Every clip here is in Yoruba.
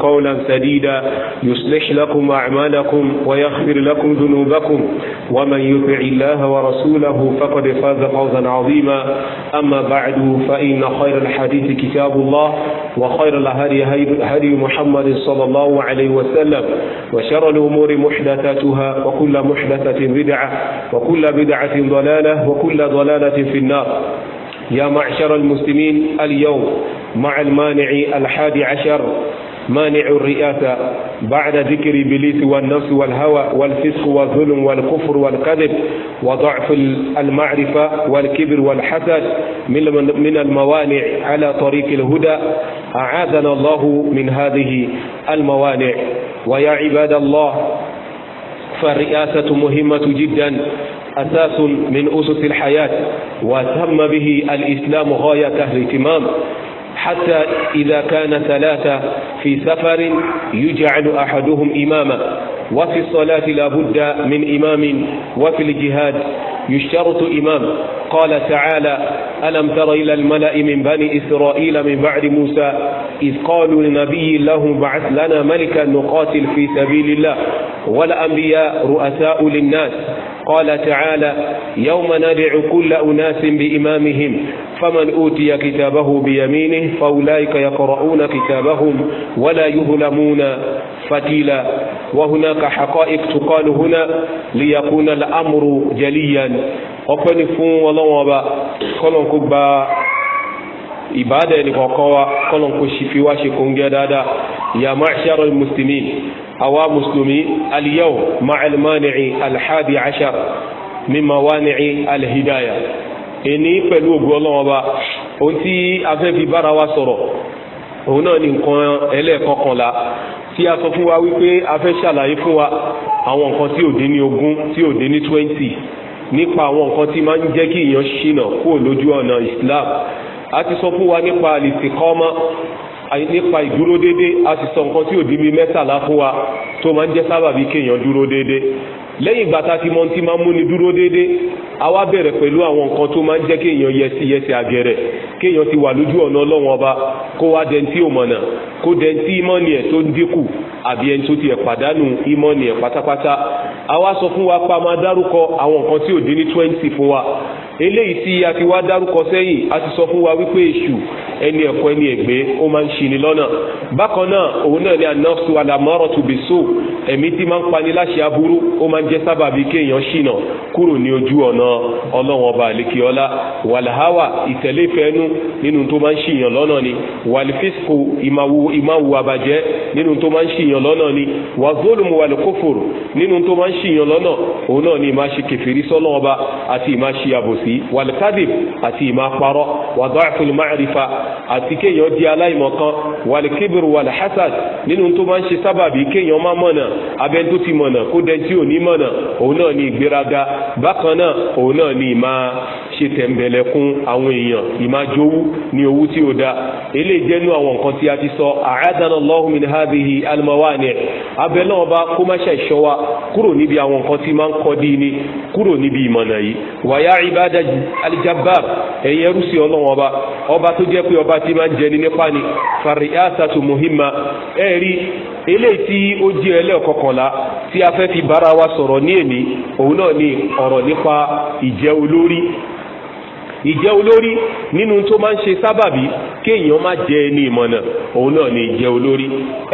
قولا سديدا يصلح لكم أعمالكم ويغفر لكم ذنوبكم ومن يطع الله ورسوله فقد فاز فوزا عظيما أما بعد فإن خير الحديث كتاب الله وخير الهدي هدي محمد صلى الله عليه وسلم وشر الأمور محدثاتها وكل محدثة بدعة وكل بدعة ضلالة وكل ضلالة في النار يا معشر المسلمين اليوم مع المانع الحادي عشر مانع الرئاسة بعد ذكر إبليس والنفس والهوى والفسق والظلم والكفر والكذب وضعف المعرفة والكبر والحسد من الموانع على طريق الهدى أعاذنا الله من هذه الموانع ويا عباد الله فالرئاسة مهمة جدا أساس من أسس الحياة وتم به الإسلام غاية الاهتمام حتى إذا كان ثلاثة في سفر يجعل أحدهم إماما وفي الصلاة لا بد من إمام وفي الجهاد يشترط إمام قال تعالى ألم تر إلى الملأ من بني إسرائيل من بعد موسى إذ قالوا لنبي الله بعث لنا ملكا نقاتل في سبيل الله والأنبياء رؤساء للناس قال تعالى يوم ندع كل أناس بإمامهم فمن أوتي كتابه بيمينه فأولئك يقرؤون كتابهم ولا يظلمون فتيلا وهناك حقائق تقال هنا ليكون الأمر جليا ọpẹ́ ni fún ọlọ́wọ́n ọba kọ́lọ̀ kó gba ìbáàdà ẹni kọ̀ọ̀kan wa kọ́lọ̀ kó sì fi wá ṣe kóńgẹ́ dáadáa ya ma'sharal muslimin àwa mùsùlùmí aliyahu ma'al mani'i alhadi ashar min tí a sọ fún wa wípé a fẹ́ ṣàlàyé fún wa àwọn nǹkan tí ò dín ní ogún tí ò dín ní nípa àwọn nǹkan tí máa ń jẹ́ kí èèyàn ṣìnà kúrò lójú ọ̀nà Islam a ti sọ fún wa nípa àlìsíkọ́mọ́ nípa ìdúró déédéé a ti sọ nǹkan tí ò dín bí mẹ́tàlá fún wa tó máa ń jẹ́ sábàbí kéèyàn dúró déédéé lẹ́yìn ìgbà tá a ti mọ ohun tí máa ń múni dúró déédé a wá bẹ̀rẹ̀ pẹ̀lú àwọn nǹkan tó máa ń jẹ́ kéèyàn yẹsí yẹsẹ̀ àgẹ̀rẹ̀ kéèyàn ti wà lójú ọ̀nà ọlọ́wọ́n ọba kó wá dẹni tí kó dẹni tí ẹ̀ tó ń dínkù àbí ẹni tó tiẹ̀ pàdánù ìmọ̀ni ẹ̀ pátápátá a wá sọ fún wa pa máa dárúkọ àwọn nǹkan tí ò dín ní twenty fún wa eléyìí tí a ti wá dárúkọ sẹ́yìn a ti sọ fún wa wípé èṣù ẹni ẹ̀kọ́ ẹni ẹ̀gbẹ́ ó máa ń ṣini lọ́nà bákan náà òun náà ni anọ́sù alamọ́rọ̀ tó bè so ẹ̀mí tí máa ń pani láṣẹ aburú ó máa ń jẹ́ sábàbí kéèyàn ṣìnà kúrò ní ojú ọ̀nà ọlọ́run ọba àlekíọ́lá wàlháwà ìtẹ̀lé ìfẹ́nu nínú tó máa ń ṣìyàn lọ́nà ni wàlfíṣkò ìmáwu àbàjẹ́ nínú tó máa ń ṣìyàn lọ́nà ni wàzólùmù wàlkófòrò nínú tó máa ń ṣìyàn lọ́nà òun náà ni ìmáṣe kẹfìrí sọ́lọ́ ọba àti ìmáṣe àbòsí sí wàlùkádìb àti ìmáparọ́ wàdọ́ọ̀fùl máàrífà àti kéèyàn di aláìmọ̀kan wàlùkíbìr wàlùhásàd nínú tó máa ń ṣe sábàbí kéèyàn má mọ̀nà abẹ́ tó ti mọ̀nà kó dẹ tí ò ní mọ̀nà òun náà ni ìgbéraga bákan náà òun náà ni ìmá ṣe tẹ̀m̀bẹ̀lẹ̀kún àwọn èèyàn ìmá jowú ní owú tí ó dá eléyìí jẹ́nu àwọn nǹkan tí a ti sọ a'adana Allahu min hadhihi al-mawani' abẹ́ náà bá kó má ṣàìṣọ́ kúrò níbi àwọn nǹkan tí máa ń kọ́ dí ni kúrò níbi ìmọ̀nà yìí wàyá ìbádà aládájú alijabar ẹ̀yin ẹrú sí ọlọ́wọ́n ọba ọba tó jẹ́ pé ọba tí máa ń jẹni nípa ni fari'asatu muhimma ẹ̀rí eléyìí tí ó jẹ́ ẹlẹ́ọ̀kọkànlá tí a fẹ́ fi bára wa sọ̀rọ̀ ní èní òun náà ni ọ̀rọ̀ nípa ìjẹ́ olórí ìjẹ́ olórí nínú tó máa ń ṣe sábàbí kéèyàn má jẹ ẹni ìmọ̀nà òun náà ni ìjẹ́ olórí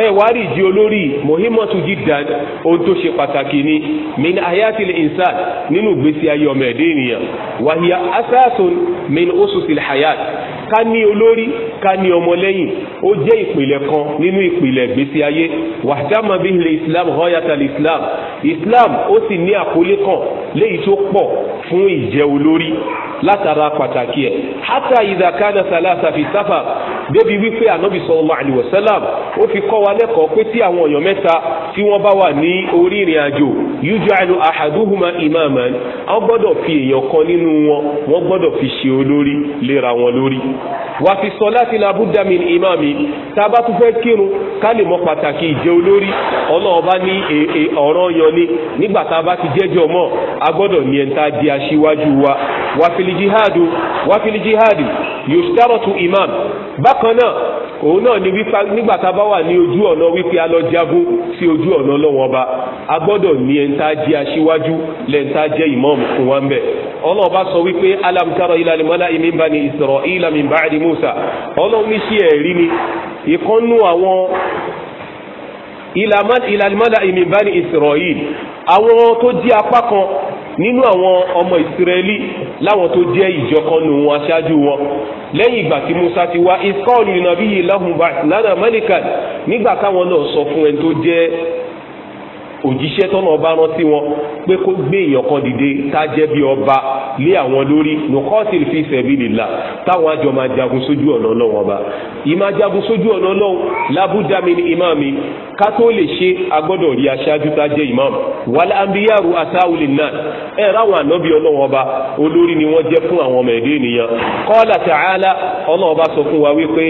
ẹ wá rí ìjẹ́ olórí mohimotu jidan ohun tó ṣe pàtàkì ni min ayatil insan nínú ìgbésí ayé ọmọ ẹ̀dẹ́ ènìyàn wàhíà asasun min osusil hayat ká ní olórí ká ní ọmọlẹ́yìn ó jẹ́ ìpìlẹ̀ kan nínú ìpìlẹ̀ ìgbésí ayé wàhámà bíi ilẹ̀ islam hoyatal islam islam ó sì ní àkólé kan léyìí tó pọ̀ fún ìjẹ́ olórí látara pàtàkì ẹ̀ hátà ìdàkánà sàlàsà fi sáfà débi wípé ànábì sallallahu alaihi wasallam ó fi kọ́ wa lẹ́kọ̀ọ́ pé tí àwọn èèyàn mẹ́ta tí wọ́n bá wà ní orí ìrìn àjò yuj'alu ahaduhuma imaman wọ́n gbọ́dọ̀ fi èèyàn kan nínú wọn wọ́n gbọ́dọ̀ fi ṣe olórí léra wọn lórí wà fi salati labudda min imami tá a bá tún fẹ́ kírun ká lè mọ pàtàkì ìjẹ́ olórí ọlọ́ọ̀bá ní e, e, ọ̀rọ̀ yan ni nígbà tá a bá ti jẹ́jọ́ mọ́ a gbọ́dọ̀ ní ẹ̀ńtà di aṣíwájú wa wà fìlì jihadu wáfíìlì jihadi yòṣtárọ̀tù imam bákan náà òun náà ni wípé nígbà tá a bá wà ní ojú ọ̀nà wípé a lọ jagun sí ojú ọ̀nà ọlọ́wọ́n ọba a gbọ́dọ̀ ní ẹ̀ńtà jẹ́ aṣíwájú lẹ́ńtà jẹ́ imam fún wa ń bẹ̀ ọlọ́run bá sọ wípé alam tara ila al-mala'i min bani isra'ila min musa ọlọ́run ní sí ẹ̀rí ni ìkọ́nú àwọn ila al-mala'i min bani isra'il àwọn tó di apá kan nínú àwọn ọmọ ìsirẹ́lì láwọn tó jẹ́ ìjọkanu wọn aṣáájú wọn lẹ́yìn ìgbà tí Musa ti wá iskọ́ọ̀lù ìnàbíyí lahum ba'ath lana malikan nígbà káwọn náà sọ fún ẹni tó jẹ́ òjíṣẹ́ tọ́nà ọba rán sí wọn pé kó gbé èèyàn kan dìde tá a jẹ́ bí ọba lé àwọn lórí nùkọ́sìlì fi sabilillah táwọn àjọ máa jagun sójú ọ̀nà ọlọ́run ọba ìmá jagun sójú ọ̀nà ọlọ́run lábúdámi ní ìmáàmì ká tó lè ṣe agbọ́dọ̀ rí aṣáájú tá a jẹ́ ìmáàmù wàlá àmbíyàrú àtàwùlì náà ẹ ráwọn ànábì ọlọ́run ọba olórí ni wọ́n jẹ́ fún àwọn ọmọ ẹ̀dẹ́ ènìyàn qala ta'ala ọlọ́run ọba sọ fún wa wípé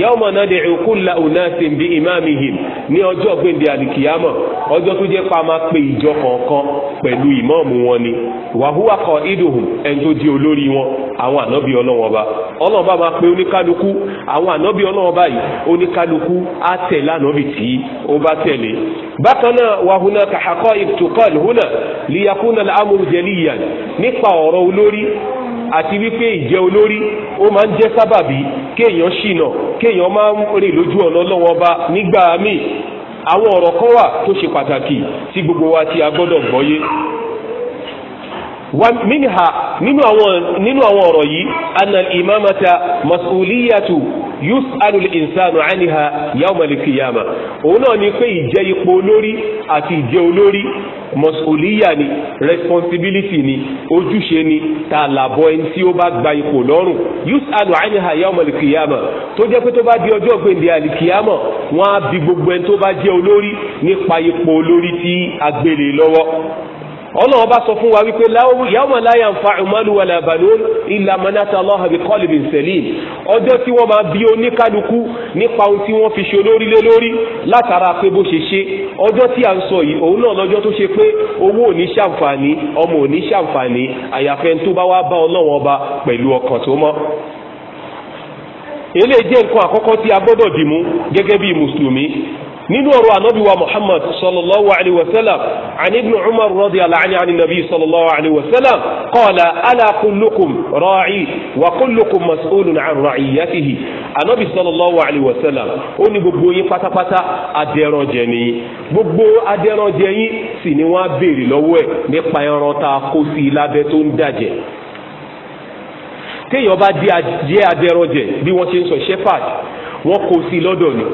yawma nad'u kulla unasin bi imamihim ní ọjọ́ gbèǹde àlìkìyàmọ̀ ọjọ́ tó jẹ́ pa máa pe ìjọ kọ̀ọ̀kan pẹ̀lú ìmọ̀ọ̀mù wọn ni wàhúwà kọ ìdùnnú ẹni tó di olórí wọn àwọn ànábì ọlọ́wọ́n ba ọlọ́wọ́n bá máa pe oníkálukú àwọn ànábì ọlọ́wọ́n báyìí oníkálukú á tẹ̀lé ànábì tí ó bá tẹ̀lé. bákan náà wàhúnà kàkọ́ ìtukọ̀l húnà lìyàkúnà amúrú jẹlíyàn nípa ọ̀rọ̀ olórí àti wípé ìjẹ́ olórí ó máa ń jẹ́ sábàbí kéèyàn ṣìnà kéèyàn máa ń rìn lójú ọ̀nà ọlọ́wọ́n ba nígbà míì àwọn ọ̀rọ̀ kan wà tó ṣe pàtàkì tí gbogbo wa ti a gbọ́dọ̀ gbọ́yé nínú àwọn ọ̀rọ̀ yìí anna imamata masuliyatu yus'alu al-insanu anha yawm al-qiyamah òun náà ni pé ìjẹ́ ipò olórí àti ìjẹ́ olórí mọ̀sùlíyà ni responsibility ni ojúṣe ni ta làbọ̀ ẹni tí ó bá gba ipò lọ́rùn yus'alu anha yawm al tó jẹ́ pé tó bá di ọjọ́ gbèǹde al-qiyamah á bi gbogbo ẹni tó bá jẹ́ olórí nípa ipò olórí tí agbélé lọ́wọ́ ọlọ́run bá sọ fún wa wípé yawma la yanfa'u malun wala banun illa man ata Allaha bi qalbin salim ọjọ́ tí wọ́n máa bi oníkálukú nípa ohun tí wọ́n fi ṣe olórí lé lórí látara pé bó ṣe ṣe ọjọ́ tí à ń sọ yìí òun náà lọ́jọ́ tó ṣe pé owó ò ní ṣàǹfààní ọmọ ò ní ṣàǹfààní àyàfẹ́ tó bá wá bá ọlọ́run ọba pẹ̀lú ọkàn tó mọ́ eléyìí jẹ́ nǹkan àkọ́kọ́ tí a gbọ́dọ̀ dìmú gẹ́gẹ́ bí mùsùlùmí nínú ọ̀rọ̀ anabiwa muhammad sallallahu alayhi wa sallam ani ibn umar radiyallahu anhu ani nabi sallallahu alayhi wa sallam qala ala kullukum ra'i wa kullukum mas'ulun an ra'iyatihi anabi sallallahu alayhi wa sallam ó ní gbogbo yín pátápátá adẹranjẹ ni gbogbo adẹranjẹ yín sì ni wọ́n á béèrè lọ́wọ́ ẹ̀ nípa ẹran tá a kó sí i lábẹ́ tó ń dàjẹ́ téèyàn bá jẹ́ adẹranjẹ bí wọ́n ṣe ń ni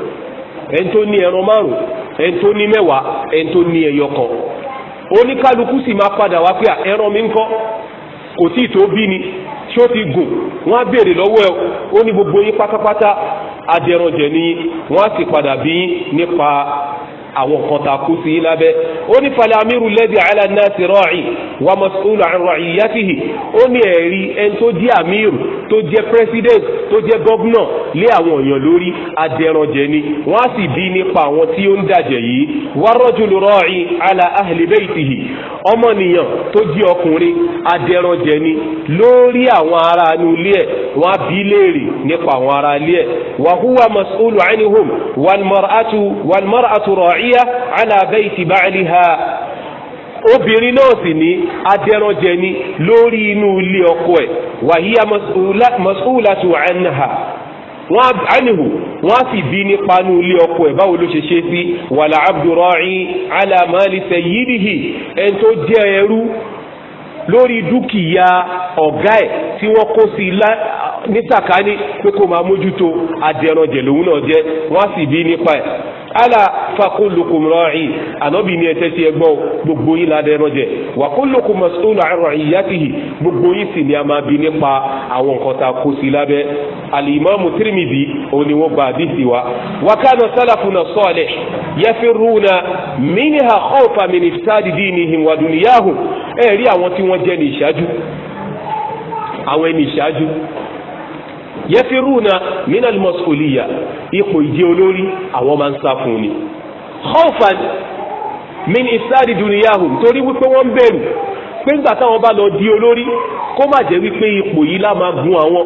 ẹni tó ní ẹran márùn ẹni tó ní mẹ́wàá ẹni tó ní ẹyọ kan oníkálukú sì máa padà wá pé ẹran mi ń kọ́ kò tí ì tó bí ni tí ó ti gùn wọ́n á béèrè lọ́wọ́ ẹ ó ní gbogbo yín pátápátá adẹranjẹ ni wọ́n á sì padà bí nípa àwọn kan tá a kú sí yín ó ní falẹ̀ amírù lẹ́dí àlànà sí rọ́ọ̀ì wàmọ̀sùlù àrùn àyíyá tìhì ó ní ẹ̀rí ẹni tó jẹ́ amírù tó je president tó je govnor lé àwọn èèyàn lórí adẹranjẹ ni wọ́n á sì bí nípa àwọn tí ó ń dàjẹ̀ yìí warrajulu ala ahli baytihi ọmọnìyàn tó jẹ́ ọkùnrin adẹranjẹ ni lórí àwọn ará inú ilé ẹ̀ wọ́n á bí léèrè nípa àwọn ará ilé ẹ̀ wa huwa mas'ulu anhum wal mar'atu wal mar'atu ra'iya ala bayti ha obìnrin náà sì ní adẹranjẹ ni lórí inú ilé ọkọ ẹ̀ wàhíyá masúlàtù ànàhà wọn ànihu wọn sì bí nípa ní ilé ọkọ ẹ̀ báwo ló ṣe ṣe sí wàlà abdurra'i ala mali sayyidihi ẹni tó jẹ ẹrú lórí dúkìá ọ̀gá ẹ̀ tí wọ́n kó sí ní pé kó máa mójútó adẹranjẹ lòun náà jẹ wọn sì bí nípa ẹ̀ ala fakulukum ra'i ànábì ni ẹtẹ ti ẹ gbọ́ gbogbo yín la dẹrọ jẹ wa kullukum mas'ulun 'an ra'iyatihi gbogbo yín sì ni a máa bi nípa àwọn nǹkan tá a kó sí lábẹ́ alimami tirimidi òun ni wọ́n gba àdìsí wa wa kana salafuna salih yafiruna minha khawfa min ifsadi dinihim wa dunyahum ẹ rí àwọn tí wọ́n jẹ́ ní ìṣáájú àwọn ẹni ìṣáájú yẹfirúna minal mọsukuliya ipò ìjẹ olórí àwọn máa ń sá fún ni. khawfan min ifsadi duniyahum torí wípé wọ́n ń bẹ̀rù pé ńgbà táwọn bá lọ di olórí kó má jẹ́ wípé ipò yìí lá máa gun àwọn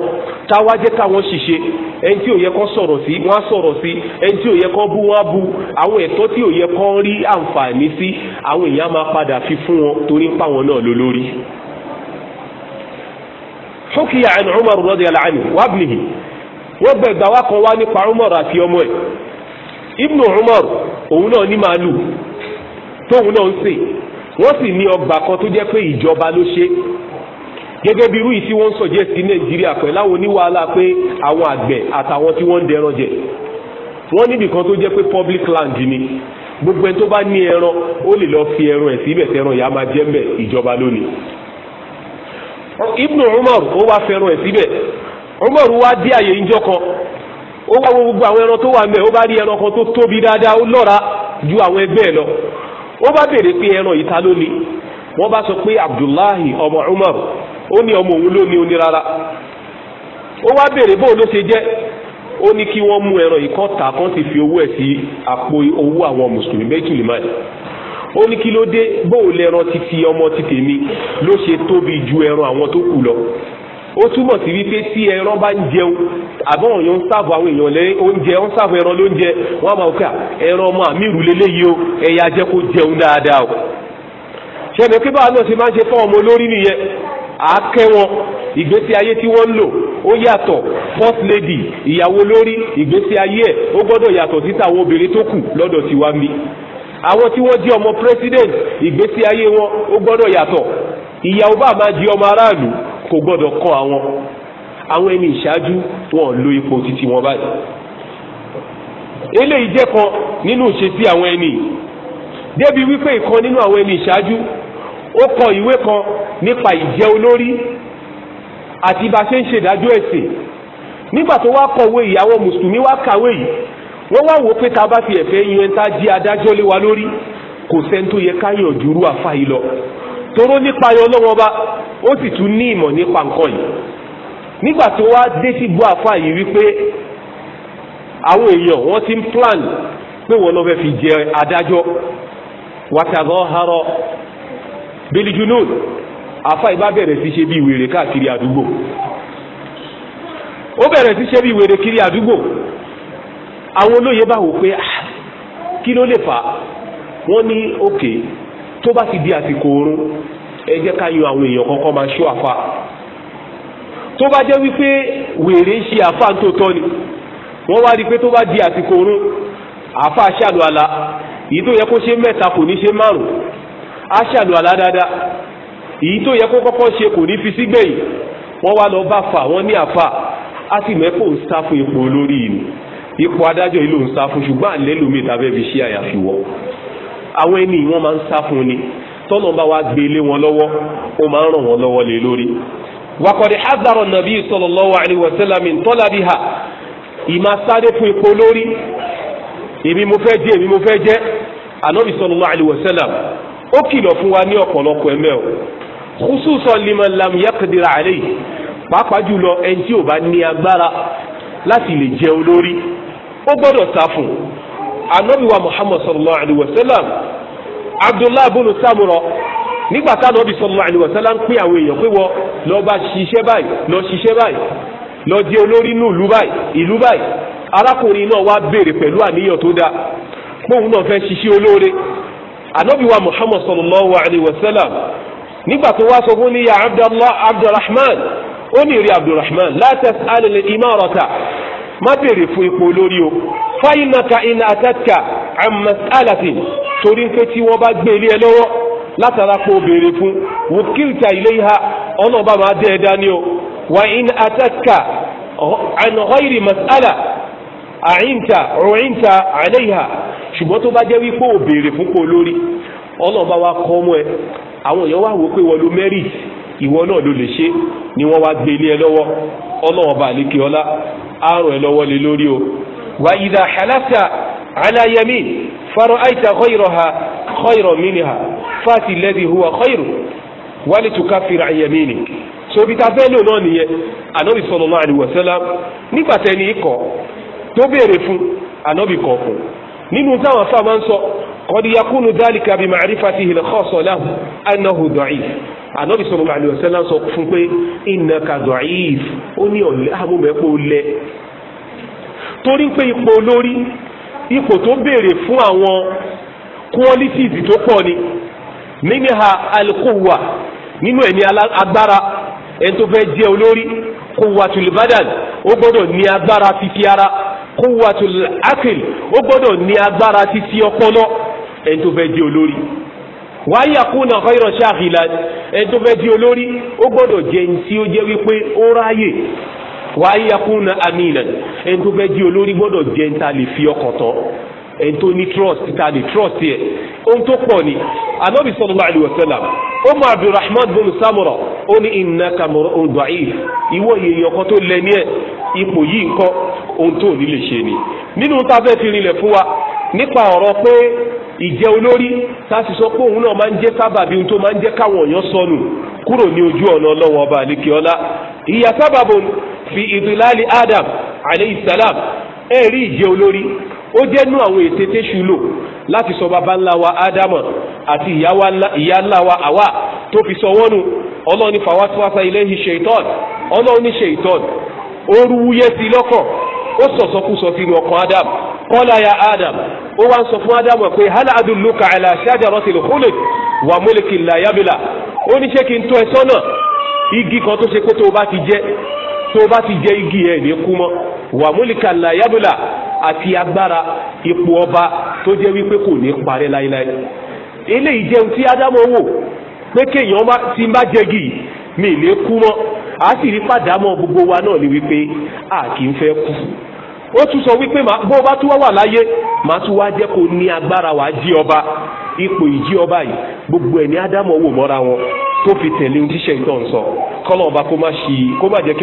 táwa jẹ́ káwọn ṣiṣẹ́ ẹni tí ò yẹ kó sọ̀rọ̀ sí wọ́n á sọ̀rọ̀ sí ẹni tí ò yẹ bú wọ́n á bú àwọn ẹ̀tọ́ tí ò yẹ rí àǹfààní sí àwọn èèyàn máa padà fi fún wọn torí ń pa wọn náà lólórí. حكي عن عمر رضي الله عنه وابنه وابن دواك وانق عمر في يومه ابن عمر وهنا نمالو tóun náà ń sè wọ́n sì ní ọgbà kan tó jẹ́ pé ìjọba ló ṣe gẹ́gẹ́ bí irú yìí tí wọ́n ń sọ̀jẹ́ sí nàìjíríà pẹ̀ láwọn oníwàhálà pé àwọn àgbẹ̀ àtàwọn tí wọ́n ń dẹran jẹ wọ́n níbì kan tó jẹ́ pé public land ni gbogbo ẹni tó bá ní ẹran ó lè lọ fi ẹran ẹ̀ síbẹ̀ tẹran ìyá máa jẹ́ mbẹ̀ ìjọba lónìí ibnu umar ó wá fẹ́ràn ẹ̀ síbẹ̀ umar wá dí àyè ìjọ kan ó wá wo gbogbo àwọn ẹran tó wà mẹ́ ó bá rí ẹran kan tó tóbi dáadáa ó lọ́ra ju àwọn ẹgbẹ́ ẹ lọ ó bá bèrè pé ẹran yìí ta ló ni wọ́n bá sọ pé abdullahi ọmọ umar ó ní ọmọ òun ló ní oní rárá ó wá béèrè bóun ló ṣe jẹ́ ó ní kí wọ́n mú ẹran yìí kọ́ ta kán fi owó ẹ̀ sí àpò owó àwọn mùsùlùmí méjìlél ó ní kí ló dé bóò lẹ́ran títí ọmọ ti tèmi ló ṣe tóbi ju ẹran àwọn tó kù lọ ó túmọ̀ sí wípé tí ẹran bá ń jẹun àbọ̀ òyìn ń sáàbù àwọn èèyàn lé oúnjẹ ń sáàbù ẹran lóúnjẹ wọ́n á máa kà ẹran ọmọ àmì ìrùlélẹ́ yìí o ẹ̀yà jẹ́ kó jẹun dáadáa o ṣẹ́mi kí báwa náà ṣe máa ń ṣe fún ọmọ olórí nìyẹn àákẹ́ wọn ìgbésí ayé tí wọ́n ń lò ó yàtọ̀ first lady ìyàwó lórí ìgbésí ayé ẹ̀ ó gbọ́dọ̀ yàtọ̀ sí tàwọn obìnrin tó kù lọ́dọ̀ tiwa mi àwọn tí wọ́n jẹ́ ọmọ president ìgbésí ayé wọn ó gbọ́dọ̀ yàtọ̀ ìyàwó bá máa jẹ́ ọmọ aráàlú kò gbọ́dọ̀ kọ́ àwọn àwọn ẹni ìṣáájú wọn lo ipò títí wọn báyìí eléyìí jẹ́ kan nínú ìṣesí àwọn ẹni débi wípé ìkan nínú àwọn ẹni ìṣáájú ó kọ ìwé kan nípa ìjẹ́ olórí àti bá ṣe ń ṣèdájọ́ ẹ̀sìn nígbà tó wá kọ̀wé ìyàwó mùsùlùmí wá kàwé yìí wọ́n wá wò pé tá a bá fi ẹ̀fẹ́ yan tá a jí adájọ́ lé wa lórí kò sẹ́ńtò yẹ yẹ yàn jùrú àfa yìí lọ toró nípa yan lọ́wọ́ bá ó sì tún ní ìmọ̀ nípa nǹkan yìí nígbà tó wá dé sí gbọ́ àfa yìí wípé àwọn èèyàn wọ́n ti ń plan pé wọ́n lọ́ fẹ́ fi jẹ adájọ́ wàtàgọ́ harọ belijunun àfa ìbá bẹ̀rẹ̀ sí ṣe bí wèrè káàkiri àdúgbò ó bẹ̀rẹ̀ sí ṣe bí wèrè kiri àdúgbò àwọn olóye bá wò pé ah, kí ló lè fà wọ́n ní òkè tó bá ti di àsìkò oorun ẹ jẹ́ ká yan àwọn èèyàn kọ́kọ́ máa ṣó àfa tó bá jẹ́ wípé wèrè ń ṣe àfa tó tọ́ ni wọ́n wá rí i pé tó bá di àsìkò oorun àfa aṣáàlú àlá èyí tó yẹ kó ṣe mẹ́ta kò ní ṣe márùn-ún àlá dáadáa èyí tó yẹ kó kọ́kọ́ ṣe kò ní fi sígbẹ̀yìn wọ́n wá lọ bá fà wọ́n ní àfa á sì mẹ́kò ń sá ipò olórí yìí ipò adájọ́ yìí ló ń sá fún ṣùgbọ́n àlẹ́lòmíì tàbí fi ṣe àyàfi wọ àwọn ẹni wọ́n máa ń sá fún ni tọ́nà bá wá gbé lé wọn lọ́wọ́ ó máa ń ràn wọ́n lọ́wọ́ lé lórí. wakọ̀dé hadara nabi sallallahu alaihi tọ́lá bí ha ìmá sáré fún ipò lórí èmi mo fẹ́ jẹ́ èmi mo fẹ́ jẹ́ anabi sallallahu alaihi ó kìlọ̀ fún wa ní ọ̀pọ̀lọpọ̀ ẹ̀mẹ́ o khususan liman lam ó gbọ́dọ̀ sá fún anabiwa muhammad sallallahu alayhi wa sallam abdullahi bulu samurọ nígbà táwọn ọbí sallallahu alayhi wa sallam ń pín àwọn èèyàn pé wọ́n lọ bá ṣiṣẹ́ báyìí lọ ṣiṣẹ́ báyìí lọ di olórí inú ìlú báyìí ìlú báyìí arákùnrin náà wá béèrè pẹ̀lú àníyàn tó dáa póun náà fẹ́ ṣiṣẹ́ olóore anabiwa muhammad sallallahu alayhi wa sallam nígbà tó wá sọ fún níyà abdulrahman ó ní ìrí abdulrahman la tas'al al-imarata. má béèrè fún ipò lórí o fáyínàkà iná àtàkà àmàtàlàtì torí pé tí wọ́n bá gbé ilé ẹ lọ́wọ́ látara pé o béèrè fún wùkìlìtà ilé iha ọ̀nà ma máa dẹ́ ẹ dání o wà iná àtàkà ànàhọ́ìrì màtàlà àìntà ọ̀rìntà àlẹ́ ìhà ṣùgbọ́n tó bá jẹ́ wípé o béèrè fún pò lórí ọ̀nà bá wa kọ́ mọ́ ẹ àwọn èèyàn wá wò pé wọ́n lo merit ìwọ náà ló lè ṣe ni wọ́n wá gbé ilé ẹ lọ́wọ́ bá ọlá àrùn ẹ̀ lọ́wọ́ lé lórí o. wà ìdá halafta ala yamin fara'aita khayraha khayran minha fati alladhi huwa khayru wali tukaffir an yaminik sobi ta bẹ́ẹ̀ lò náà nìyẹn anabi sallallahu alaihi wasallam nígbà tẹ́ni kọ̀ tó béèrè fún anabi kọ̀ fún nínú táwọn afáàmà ń sọ qad yakunu dhalika bi ma'rifatihi al-khassa lahu annahu da'if ànábì sọ̀rọ̀ àlè ọ̀sẹ̀ náà sọ fún pé iná kazọ̀ ayif ó ní ọ̀lẹ́ àmúmẹ́pọ̀ ah, lẹ torí pé ipò olórí ipò tó béèrè fún àwọn qualities tó pọ̀ ni nínú ha alikowa nínú ẹ̀mí agbára ẹni tó fẹ́ jẹ́ olórí quwwatul badan ó gbọ́dọ̀ ní agbára fífi ara quwwatul akil ó gbọ́dọ̀ ní agbára títí ọpọlọ ẹni tó fẹ́ jẹ́ olórí wáyé àkúnà ọ̀rọ̀ ṣáàfìlà ẹni tó fẹ́ di olórí ó gbọ́dọ̀ jẹ́ ẹni tí ó jẹ́ wípé ó ráyè wáyé àkúnà amínà ẹni fẹ́ di olórí gbọ́dọ̀ jẹ́ ẹni tá a lè fi ọkàn tán ẹni tó ní trust ta ni trust yẹ ohun tó pọ̀ ni anabi sallallahu alayhi wa sallam ó mọ abdulrahman bin samura ó ní innaka mar'un da'if ìwọ èèyàn kan tó lẹ ní ẹ ipò yìí nǹkan ohun tó ní lè ṣe ni nínú tá a fẹ́ fi rinlẹ̀ fún wa nípa ọ̀rọ̀ pé ìjẹ́ olórí táti sọ pé òun náà máa ń jẹ́ sábàbí ohun tó máa ń jẹ́ káwọn èèyàn sọnù kúrò ní ojú ọ̀nà ọlọ́wọ́n ọba àlekèọ́lá ìyá sábàbò fi ìdílálì adam aleyhisalaam ẹ̀ rí ìjẹ́ olórí ó jẹ́ nú àwọn ète téṣu lò láti sọ baba ńlá wa ádámà àti ìyá ńlá wa àwa tó fi sọ wọ́nu ọlọ́run ní fàwáṣíwáṣá ilé yìí ṣèitọ́n ọlọ́run ní ṣèitọ́n ó rúwúyé sí lọ́kàn ó sọ̀sọ́kùsọ sínú ọkàn ádám kọ́lá ya ádám ó wá ń sọ fún ádám pé hálà adúlùkà àlà ṣájaratil khuld wà múlìkì làyàbìlà ó ní ṣé kí n tó ẹ sọ́nà igi kan tó ṣe kó tó o bá ti jẹ tó bá ti jẹ igi ẹ̀ ní kú mọ́ wàmúlìkà làyàbùlà àti agbára ipò ọba tó jẹ́ wípé kò ní parẹ́ láíláí eléyìí jẹun tí ádámọ̀ wò pé kéèyàn ti má jẹ́gi mi lè kú mọ́ a sì rí pàdámọ̀ gbogbo wa náà ni wípé a kì í fẹ́ kú. ó tún sọ wípé bó o bá tún wá wà láyé màá tún wá jẹ́ kó ní agbára wàá ọba ipò ìjí ọba yìí gbogbo ẹ̀ ní ádámù mọ́ra wọn tó fi tẹ̀lé oníṣẹ́ ìtàn sọ ọba kó má ṣì kó má jẹ́ wa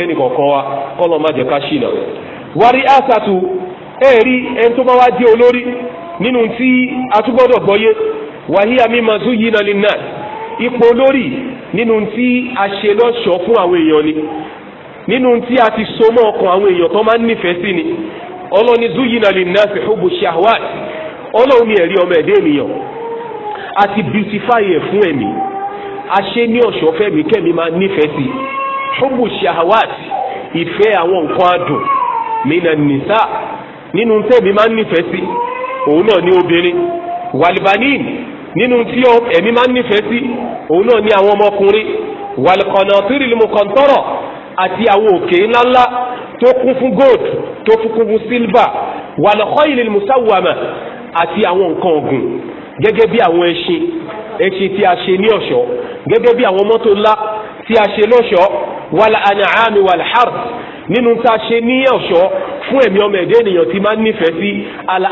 má jẹ́ ká wárí àṣàtù ẹ rí ẹni tó bá a ṣe fún àwọn nínú tí a ti so mọ́ ọkàn àwọn èèyàn tó máa ń nífẹ̀ẹ́ sí ni ọlọ́ni zuyina linnasi hubu shahwat ọlọ́run ni ẹ̀rí ọmọ ẹ̀dẹ́ ènìyàn a ti beautify ẹ̀ fún ẹ̀mí a ṣe ní ọ̀ṣọ́ fẹ́mi kẹ́mi máa nífẹ̀ẹ́ sí hubu shahwat ìfẹ́ àwọn nǹkan adùn mina nisa nínú tẹ́mi máa ń nífẹ̀ẹ́ sí òun náà ni obìnrin walibanin nínú tí ẹ̀mí máa ń nífẹ̀ẹ́ sí òun náà ni àwọn ọmọkùnrin walikọ̀nà tìrìlìmùkọ̀ntọ́rọ̀ àti àwọn òkè ńláńlá tó kún fún gold tó kún fún silver wàlọ́kọ́ ìlú musawama àti àwọn nǹkan ọ̀gùn gẹ́gẹ́ bí àwọn ẹṣin ẹṣin tí a ṣe ní ọ̀ṣọ́ gẹ́gẹ́ bí àwọn mọ́tò ńlá tí a ṣe lọ́ṣọ́ wàlà ànàámi wàlà hard nínú tá a ṣe ní ọ̀ṣọ́ fún ẹ̀mí ọmọ ẹ̀dẹ́ ènìyàn tí máa ń nífẹ̀ẹ́ sí àlà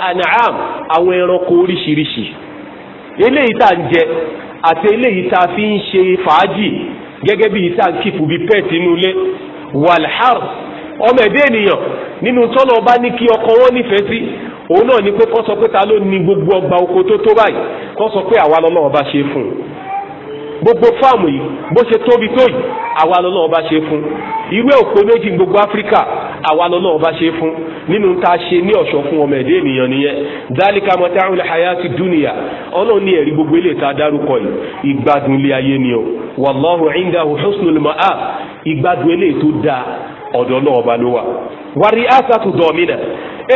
àwọn ẹranko oríṣiríṣi eléyìí tá à ń jẹ àti eléyìí tá a fi ń ṣe fàájì gẹ́gẹ́ bí ìta kìfù bíi pẹ́ẹ̀tì inú ilé walhar ọmọ ẹ̀dẹ́ ènìyàn nínú tọ́lọ̀ ọba ní kí ọkọ wọn nífẹ̀ẹ́ sí òun náà ni pé kọ́ gbogbo ọgbà oko tó tó báyìí kọ́ sọ pé àwa lọ́lọ́ ọba ṣe fún un gbogbo fáàmù yìí bó ṣe tóbi tó yìí àwa lọ́lọ́ ọba ṣe fún un irú ẹ̀ òpó méjì gbogbo áfíríkà àwa lọ́lọ́ ọba ṣe fún nínú tá a ṣe ní ọ̀ṣọ́ fún ọmọ ẹ̀dẹ́ ènìyàn nìyẹn dálíkà mọ́tàrún láyà ti dúnìyà ọlọ́run ní ẹ̀rí gbogbo ilé tá dárúkọ yìí ìgbádùn ilé ayé ni o wàlláhu indahu husnul ma'ab ìgbádùn ilé tó dáa ọ̀dọ̀ náà ọba ló wà wàrí asatu dọ̀mínà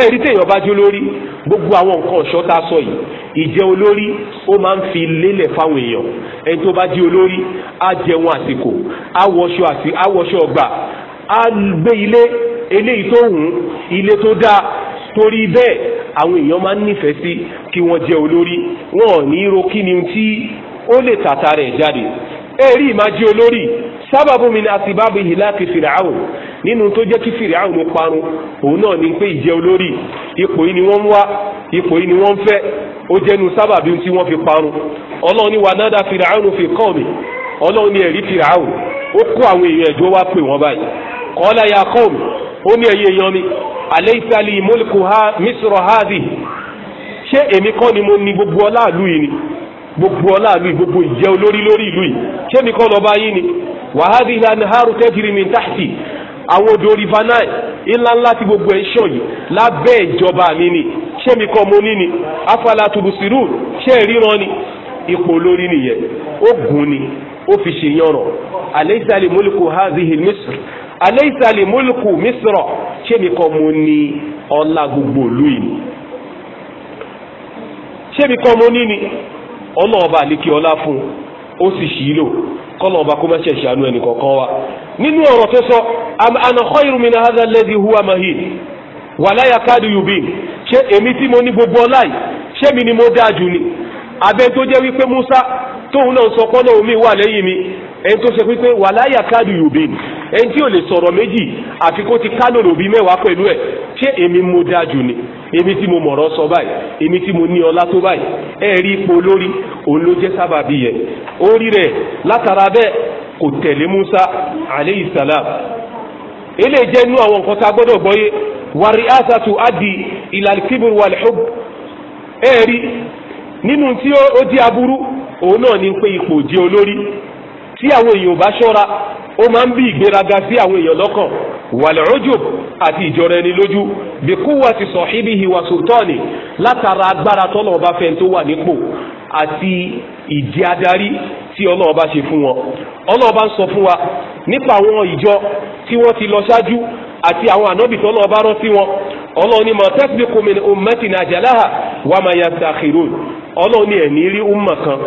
ẹ̀rí téèyàn bá jó lórí gbogbo àwọn nǹkan ọ̀ṣọ́ tá a sọ yìí ìjẹ́ olórí ó máa ń fi lélẹ̀ fáwọn èèyàn ẹni tó bá di olórí á jẹun àsìkò á wọṣọ ọgbà á gbé ilé eléyìí tó wù ú ilé tó dáa torí bẹ́ẹ̀ àwọn èèyàn máa ń nífẹ̀ẹ́ sí kí wọ́n jẹ́ olórí wọn ní ro kí ni tí ó lè tàta rẹ̀ jáde ẹ̀rí ìmájí olórí sábàbù mi ni àtibábù ìhìláàkì fìràáhùn nínú tó jẹ́ kí fìràáhùn parun òun náà ni pé ìjẹ́ olórí ipò yìí ni wọ́n ń wá ipò yìí ni wọ́n ń fẹ́ ó jẹ́nu sábàbí tí wọ́n fi parun ọlọ́run ni wànádà fìràáhùn fi kọ́ mi ọlọ́run ni ẹ̀rí fìràáhùn ó kó àwọn èèyàn ẹ̀jọ́ wá pè wọ́n báyìí قال ya qawm ó ní ẹ̀yẹ èèyàn mi alaysa li mulku misra hadhi ṣé èmi kọ́ ni mo ní gbogbo ọláàlú yìí ni gbogbo ọláàlú yìí gbogbo ìjẹ́ olórí lórí ìlú yìí ṣé mi kọ́ lọ́ba yín ni wa hadhihi al-anharu tajri min tahti àwọn odò river nile ńlá ńlá tí gbogbo ẹ̀ ń ṣàn yìí lábẹ́ ìjọba mi ni ṣé mi kọ́ mo ní ni afala tubsiru ṣé ìríran ni ipò olórí nìyẹn ó gùn ni ó fi ṣèyànràn alaysa li mulku hadhihi misr aláìsàlẹ̀ mọ́lùkù misrọ ṣé mi mo ní ọlá gbogbo ìlú yìí ṣé mi mo ní ni ọlọ́ọ̀ba àlékè ọlá fún ó sì ṣì í lò kọ́lọ̀ ọba kó má ṣe ṣàánú ẹnì kọ̀ọ̀kan wa nínú ọrọ tó sọ ana irumi na hadha alladhi huwa mahin wala yakadu yubin ṣé èmi tí mo ní gbogbo ọlá yìí ṣé ni mo dáa jù ni abẹ́ tó jẹ́ wípé Musa tóun náà sọ kọ́lọ̀ omi wà lẹ́yìn mi ẹni tó ṣe pípé wàláyà káàdì yòbí ni ẹni tí ò lè sọ̀rọ̀ méjì àfi kó ti kálòrò bíi mẹ́wàá pẹ̀lú ẹ̀ ṣé èmi mo dáa jù ni èmi tí mo mọ̀rọ̀ sọ báyìí èmi tí mo ní ọlá tó báyìí ẹ rí ipò lórí òun ló jẹ́ sábàbí yẹn orí rẹ̀ látara bẹ́ẹ̀ kò tẹ̀lé Musa aleyhi salam eléyìí jẹ́ inú àwọn nǹkan tá a gbọ́dọ̀ gbọ́yé wàrí àṣàtù àdì ìlàkíbùrù wal hubb ẹ̀rí nínú tí ó di aburú òun náà ni pé ipò jẹ́ olórí tí àwọn èèyàn bá ṣọ́ra ó máa ń bí ìgbéraga sí àwọn èèyàn lọ́kàn wàlẹ́ọ́jòb àti ìjọra ẹni lójú bí kúwà ti sọ ibi ìwà sultani látara agbára tọ́lọ̀ ọba fẹ́ tó wà nípò àti ìdí adarí tí ọlọ́ọ̀ ṣe fún wọn ọlọ́ọ̀ ń sọ fún wa nípa àwọn ìjọ tí wọ́n ti lọ ṣáájú àti àwọn ànábì tó lọ́ọ́ bá rán sí wọn ọlọ́run ní ma tasbiqu min ummatin ajalaha wa ma yastakhirun ọlọ́run ní ẹ̀ní rí umma kan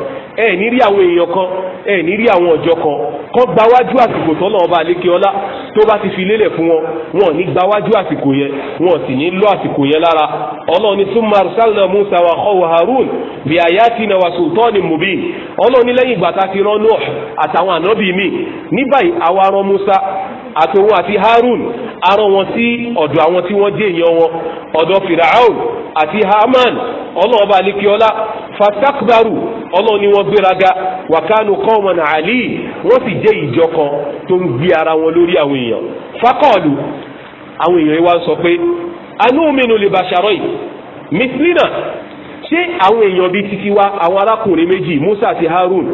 ẹ̀ní rí àwọn èèyàn kan ẹ̀ní rí àwọn ọjọ́ kan kọ́ gbawájú àsìkò tó lọ́ọ́ bá lékè ọlá tó bá ti fi lélẹ̀ fún wọn wọn ò ní gbawájú àsìkò yẹn wọn ò sì ní lọ àsìkò yẹn lára ọlọ́run ní summa arsalna musa wa akhahu harun bi ayatina wa sultanin mubin ọlọ́run ní lẹ́yìn ìgbà tá a ti rán Nuh àtàwọn ànábì míì ní báyìí àwa rán musa àtòun àti Harun arán wọn sí ọ̀dọ̀ àwọn tí wọ́n jẹ́ èèyàn wọn ọ̀dọ̀ Firaun àti Haman ọlọ́ọ̀bá alikiola fastakbaru ọlọ́ọ̀ ni wọ́n gbéraga wàkánu qawman ali wọ́n sì jẹ́ ìjọ kan tó ń gbé ara wọn lórí àwọn èèyàn fakọ́ọ̀lù àwọn èèyàn yìí wá sọ pé anúmínú lè bàṣàrọ̀ yìí mislina ṣé àwọn èèyàn bíi títí wa àwọn arákùnrin méjì Musa àti Harun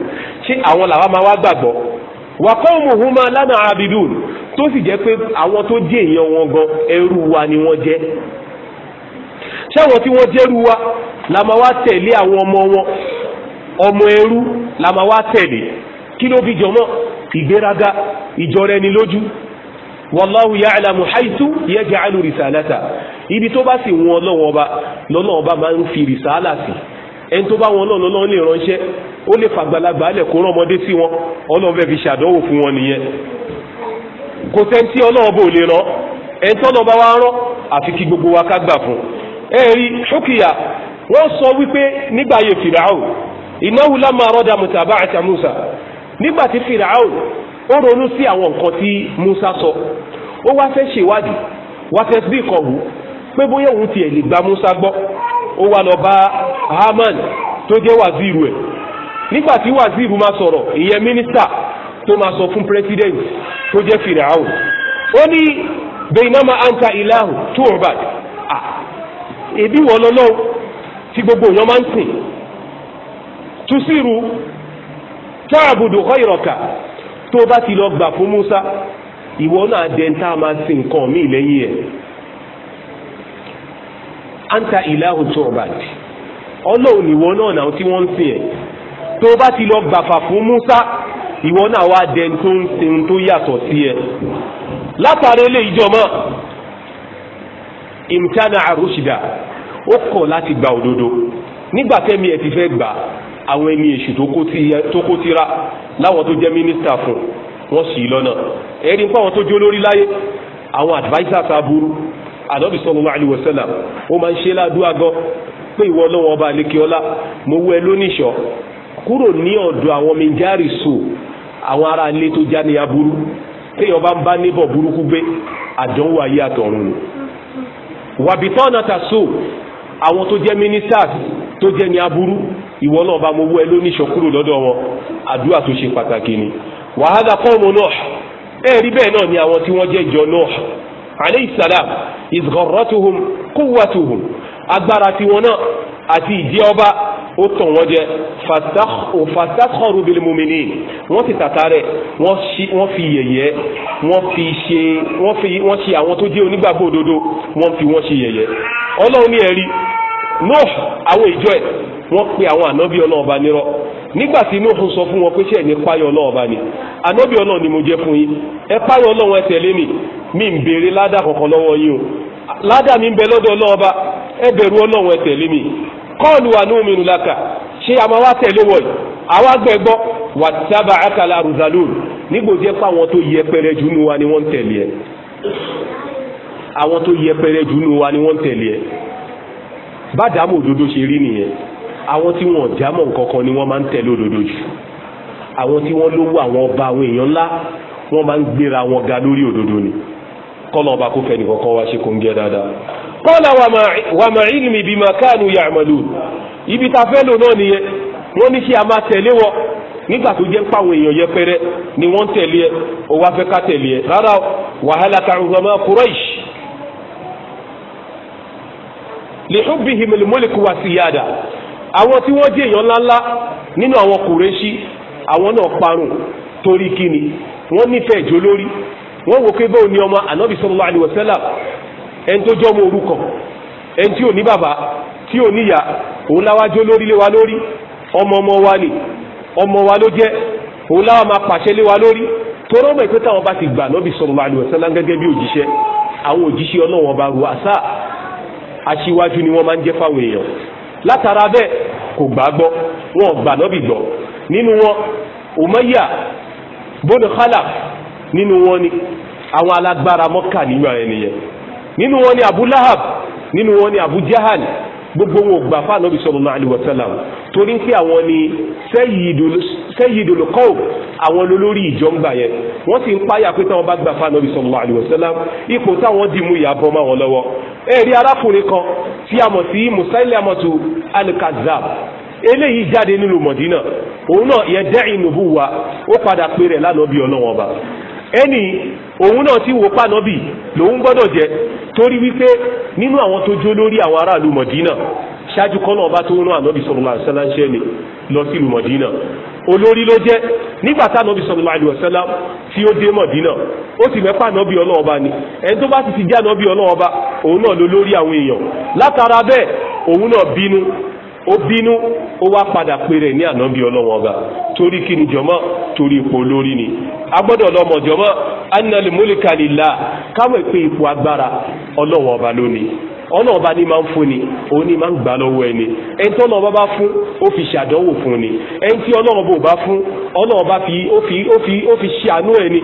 ṣé àwọn làwọn máa wá gbàgbọ́ wàkọ́ òmùhùn lánàá abidun tó sì jẹ́ pé àwọn tó jẹ́ èèyàn wọn gan ẹrú wa ni wọ́n jẹ́ ṣáwọn tí wọ́n jẹ́rú wa la máa wá tẹ̀lé àwọn ọmọ wọn ọmọ ẹrú la máa wá tẹ̀lé kí ló bí jọmọ́ ìgbéraga ìjọra ẹni lójú wàláhù ya'lamu haythu yaj'alu risalata ibi tó bá sì wọn ọlọ́wọ́n ọba lọ́nà ọba máa ń fi rìsálà sí ẹni tó bá wọn náà lọ́nà lè ránṣẹ́ ó lè fàgbàlagbà lẹ̀ kó rán ọmọdé sí wọn ọlọ́run fi ṣàdánwò fún wọn nìyẹn kò si ọlọ́ọ̀bù o lè rán ẹ̀ńtọ́ lọ́ba wa rán àfi kí gbogbo wa ká gbà fún ẹ rí ṣókìyà wọ́n sọ wípé nígbà ayé fìràáù ìnáwó lámà rọ́dà musa nígbà tí fìràáù ó ronú sí àwọn nǹkan musa sọ ó wá fẹ́ ṣèwádìí wá fẹ́ bí nǹkan gba musa gbọ́ ó wá lọ bá haman tó jẹ́ wàzíru ẹ̀ nígbà tí sọ̀rọ̀ tó máa sọ fún president tó jẹ́ fìràwò ó ní bẹ́ẹ̀nàmà anka ìlàhù tó ọ̀bà ẹbí wọ́n lọ́lọ́ tí gbogbo èèyàn máa ń sìn túsírù táàbùdù ọ̀yọ̀ọ̀kà tó bá ti lọ gbà fún Musa ìwọ náà dẹ́ntà máa sìn nǹkan míì lẹ́yìn ẹ̀ anta ìlàhù tó ọ̀bà ọlọ́run ìwọ náà náà tí wọ́n ń sìn ẹ̀ tó bá ti lọ gbàfà fún Musa ìwọ náà wá dẹni tó ń ṣe ohun tó yàtọ̀ sí ẹ látàrí ilé ìjọmọ́ imtana arushida ó kọ̀ láti gba òdodo nígbà tẹ́mi ẹ̀ ti fẹ́ gbà àwọn ẹni èṣù tó kó tira láwọn tó jẹ́ mínísítà fún wọn sì lọ́nà ẹ̀rí ń fáwọn tó jó lórí láyé àwọn advisers aburú ànábì sallallahu alaihi wasallam ó máa ń ṣe ládùúgbà gan pé ìwọ lọ́wọ́ ọba àlekè mo wú ẹ lóníṣọ́ kúrò ní ọ̀dọ̀ àwọn méjì àrìsù àwọn ará ilé tó já ní aburú téèyàn bá ń bá níbọ̀ burúkú gbé àdánwò ayé àtọ̀run ni wàbítọ́ náà ta so àwọn tó jẹ́ ministers tó jẹ́ ní aburú ìwọ náà bá mo ẹ lóní ìṣọkúrò lọ́dọ̀ wọn àdúrà tó ṣe pàtàkì ni wàhálà kọ́ọ̀mù náà ẹ̀rí bẹ́ẹ̀ náà ni àwọn tí wọ́n jẹ́ ìjọ náà aleyhisalaam izgọ̀rọ̀tuhum kúwàtuhum agbára tiwọn náà àti ìjẹ́ ọba ó tàn wọ́n jẹ fatakọrù bil mu'minin wọ́n ti tàta rẹ̀ wọ́n fi yẹ̀yẹ́ wọ́n ṣe àwọn tó jẹ́ onígbàgbọ́ òdodo wọ́n fi wọ́n ṣe yẹ̀yẹ́ ọlọ́run ní ẹ̀rí Nuh àwọn ìjọ ẹ̀ wọ́n pe àwọn ànábì ọlọ́ọ̀ba nírọ́ nígbà tí Nuh sọ fún wọn pé ṣe ní páyọ̀ ọlọ́ọ̀ba ni ànábì ọlọ́ọ̀ ni mo jẹ́ fún yín ẹ páyọ̀ ọlọ́ọ̀ ẹ tẹ̀lé mi mi ń béèrè ládà kọ̀ọ̀kan lọ́wọ́ yín o ládà mi ń bẹ lọ́dọ̀ ọlọ́ọ̀ba ẹ bẹ̀rù ọlọ́run ẹ tẹ̀lé mi kọ́ọ̀lù wa nu'minu laka ṣé a máa wá tẹ̀lé wọ̀nyí àwa gbẹ̀gbọ́ wàtábà akala ruzalun nígbòdì ẹ pa àwọn tó yẹpẹrẹ jù nù wa ni wọ́n ń tẹ̀lé ẹ àwọn tó yẹpẹrẹ jù nù wa ni wọ́n ń tẹ̀lé ẹ bá dàmú òdodo ṣe rí nìyẹn àwọn tí wọn jámọ́ nǹkankan ni wọ́n máa ń tẹ̀lé òdodo jù àwọn tí wọ́n lówó àwọn ọba àwọn èèyàn ńlá wọ́n máa ń gbéra wọn ga lórí òdodo ni kọ́lọ̀ ọba kó fẹ́ nìkan kan wá ṣe kò ń gẹ́ dáadáa kọ́lá wàmà ilmi bí makanu ya'malun ibi ta fẹ́ lò náà nìyẹn wọ́n ní kí a máa tẹ̀lé wọn nígbà tó jẹ́ pàwọn èèyàn yẹpẹrẹ ni wọ́n tẹ̀lé ẹ ó wá fẹ́ ká tẹ̀lé ẹ rárá wàhálà wa àwọn tí wọ́n jẹ́ èèyàn ńláńlá nínú àwọn àwọn náà parun wọ́n nífẹ̀ẹ́ wọ́n wò pé ẹni tó jọ́ mọ orúkọ ẹni tí ò ní bàbá tí ò níyà òun láwájó lórí lé wa lórí ọmọ ọmọ wa ni ọmọ wa ló jẹ́ òun láwa máa pàṣẹ lé wa lórí torọ́ mọ̀ pé táwọn bá ti gbà nọ́bì sọ̀rọ̀ àlùwẹ̀ sẹ́lá gẹ́gẹ́ bí òjíṣẹ́ àwọn òjíṣẹ́ ọlọ́wọ́n bá ru àṣà aṣíwájú ni wọ́n máa ń jẹ́ fáwọn èèyàn látara bẹ́ẹ̀ kò gbà gbọ́ wọn gbà nọ́bì gbọ́ nínú wọn Umayya bóde khalaf nínú wọn ni àwọn alágbára mọ́kà nígbà ẹnìyẹn nínú wọn ni abu lahab nínú wọn ni abu jahal gbogbo wọn ò gbà fún anabi sallallahu alaihi wasallam torí pé àwọn ni sayyidul qawm àwọn lólórí ìjọba yẹn wọ́n sì ń páyà pé táwọn bá gbà fún anabi sallallahu alaihi wasallam ipò táwọn dì mú ìyá bọ́ mọ́ wọn lọ́wọ́ ẹ̀rí arákùnrin kan tí a mọ̀ sí musailamatu al-kazzab eléyìí jáde nínú mọ̀dínà òun náà yẹ dẹ́yìn nùbú wa ó padà pé rẹ̀ lánàá bí ọlọ́wọ́n ọba ẹni òun náà ti wò pànọ́bì lòun gbọ́dọ̀ jẹ torí wípé nínú àwọn tó jó lórí àwọn aráàlú mọ̀dínà ṣáájú kọ́nà ọba tó rán ànọ́bì sallallahu alaihi ni lọ sí ìlú mọ̀dínà olórí ló jẹ́ nígbà tá ànọ́bì sallallahu alaihi tí ó dé mọ̀dínà ó sì mẹ́pà ànọ́bì ọlọ́ọba ni ẹni tó bá sì ti jẹ́ ànọ́bì ọlọ́ọba òun náà ló lórí àwọn èèyàn látara bẹ́ẹ̀ òun náà bínú ó bínú ó wá padà pé rẹ̀ ní ànábí ọlọ́wọ́n ọba torí kí ni jọmọ́ torí ipò lórí ni a gbọ́dọ̀ lọ́mọ jọmọ́ annal mulka lillah káwọn ìpè ipò agbára ọlọ́wọ́n ọba lónìí ọ̀nà ọba ní máa ń fún ni òun ní máa ń gbà lọ́wọ́ ẹni ẹni tí ọlọ́ọ̀bá bá fún ó fi ṣàdánwò fún ni ẹni tí ọlọ́ọ̀bá bá fún ọlọ́ọ̀bá ó fi ṣàánú ẹni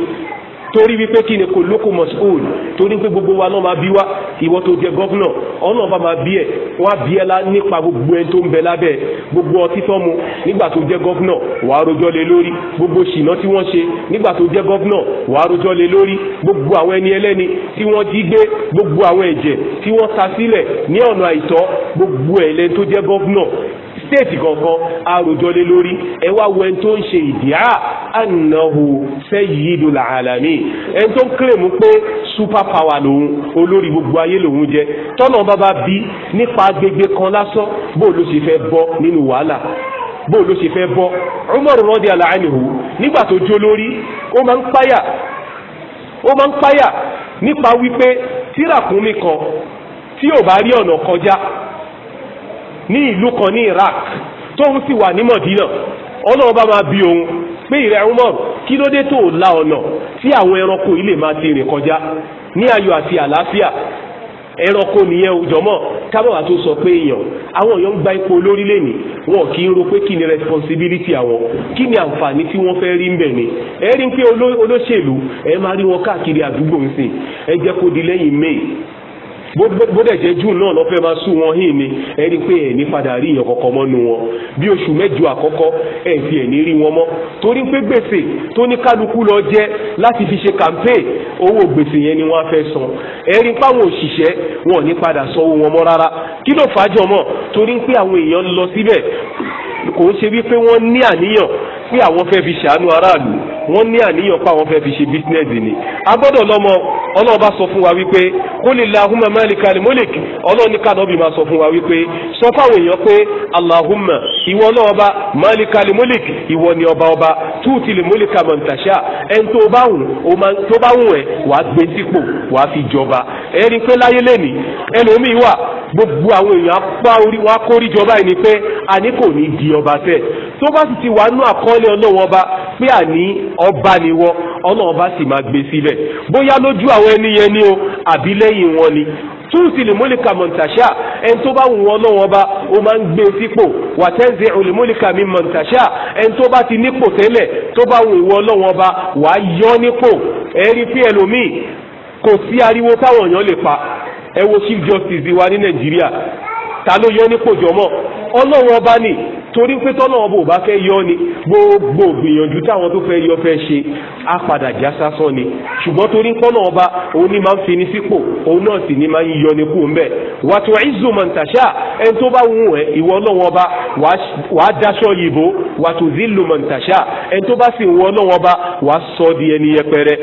torí wípé kí ni kò lóko mọ̀síkòòlù torí pé gbogbo wa náà máa bí wa ìwọ tó jẹ gọ́vnà ọ̀nà bá máa bí ẹ̀ wá bí ẹ nípa gbogbo ẹni tó ń bẹ lábẹ́ gbogbo ọtí tó mu nígbà tó jẹ gọ́vnà wàá rojọ́ lé lórí gbogbo ṣìnà tí wọ́n ṣe nígbà tó jẹ gọ́vnà wàá rojọ́ lé lórí gbogbo àwọn ẹni ẹlẹ́ni tí wọ́n jí gbé gbogbo àwọn ẹ̀jẹ̀ tí wọ́n sa sílẹ̀ ní ọ̀nà àìtọ́ gbogbo ẹ̀lẹ́ tó jẹ gọ́vnà stéètì kọ̀ọ̀kan àròjọ lé lórí ẹ wá wo ẹni tó ń ṣe ìdíyà ànáhù sayyidul alamin ẹni tó ń kílèmù pé super power lòun olórí gbogbo ayé lòun jẹ tọ́nà bàbá bí nípa agbègbè kan lásán bó ló ṣe fẹ́ bọ́ nínú wàhálà bó ló ṣe fẹ́ bọ́ Umar radiyallahu anhu nígbà tó jó lórí ó máa ń páyà ó máa ń páyà nípa wípé tíràkúnmí kan tí ò bá rí ọ̀nà kọjá ní ìlú kan ní Iraq tóun sì wà ní Mọ̀dínà ọlọ́run bá máa bi òun pé ìrẹ̀ Umar kí ló dé tó la ọ̀nà tí àwọn ẹranko yìí lè máa ti rìn kọjá ní ayọ̀ àti àlàáfíà ẹranko nìyẹn òjọmọ kábàwá tó sọ pé èèyàn àwọn èèyàn ń gba ipò olórí lẹ́nìí wọn kì í ro pé kí ni responsibility àwọn kí ni àǹfààní tí wọ́n fẹ́ rí ń bẹ̀ ni ẹ rí pé olóṣèlú ẹ máa rí wọn káàkiri àdúgbò ń sìn ẹ jẹ́ kó di lẹ́yìn May bódẹ̀ jẹ́ jù náà lọ́fẹ́ máa sún wọn hìn ni ẹni pé ẹ̀ní padà rí ìyàn kọ̀ọ̀kan mọ́nu wọn bí oṣù mẹ́jọ àkọ́kọ́ ẹ̀ fi ẹ̀ní rí wọn mọ́ torí pé gbèsè tó ní kálukú lọ jẹ́ láti fi ṣe kàmpé owó gbèsè yẹn ni wọ́n á fẹ́ san ẹ̀rí páwọn òṣìṣẹ́ wọn ò ní padà sanwó wọn mọ́ rárá kí ló fàájọ mọ́ torí pé àwọn èèyàn lọ síbẹ̀ kò ń ṣe wípé wọ́n ní àníyàn pé àwọn fẹ́ fi ṣàánú aráàlú wọ́n ní àníyàn pa àwọn fẹ́ fi ṣe bísínẹ́sì ni agbọ́dọ̀ lọ́mọ ọlọ́run bá sọ fún wa wípé kó lè la ahumma malika al-mulk ọlọ́run ní kàdọ́bì máa sọ fún wa wípé sọ fáwọn èèyàn pé allahumma ìwọ náà ọba malika al ìwọ ni ọba ọba tuuti al-mulka man tasha ẹni tó bá wù tó bá wù ẹ wàá gbé sípò wàá fi jọba ẹni pé láyé lẹ́ni ẹlòmíì wà gbogbo àwọn èèyàn apá orí wa kórìjọba ẹni pé àní kò ní di ọba tẹ̀ tó bá sì ti wà nú àkọọ́lẹ̀ ọlọ́wọ́n ọba pé àní ọba ni wọ́n ọlọ́wọ́n ọba sì máa gbé síbẹ̀ bóyá lójú àwọn ẹni yẹn ni o àbí lẹ́yìn wọn ni túùsì lè múlìkà mọ̀ntàṣá ẹni tó bá wù wọn lọ́wọ́ bá ó máa ń gbé sípò wàtẹ́ǹsì olùmúlìkà mi mọ̀ntàṣá ẹni tó bá ti nípò tẹ́lẹ̀ tó bá wù wọn lọ́wọ́ wà á yọ nípò ẹ̀rí pé ẹlòmíì kò sí ariwo táwọn èèyàn lè pa ẹ wo chief justice wa ní nàìjíríà ta ló yọ ní kòjọ mọ́ ọlọ́run ọba ni torí pé tọ́nà ọba ò bá fẹ́ yọ ni gbogbo gbìyànjú táwọn tó fẹ́ yọ fẹ́ ṣe á padà já sásán ni ṣùgbọ́n torí pọ́nà ọba òun ni máa ń fi ní sípò òun náà sì ni máa ń yọ ní kú mbẹ́ wàtò ìzù mọ̀ntàṣà ẹni tó bá wù ẹ́ ìwọ ọlọ́run ọba wàá daṣọ yìbò wàtò zìlù mọ̀ntàṣà ẹni tó bá sì wù ọlọ́run ọba wàá sọ di ẹni yẹpẹrẹ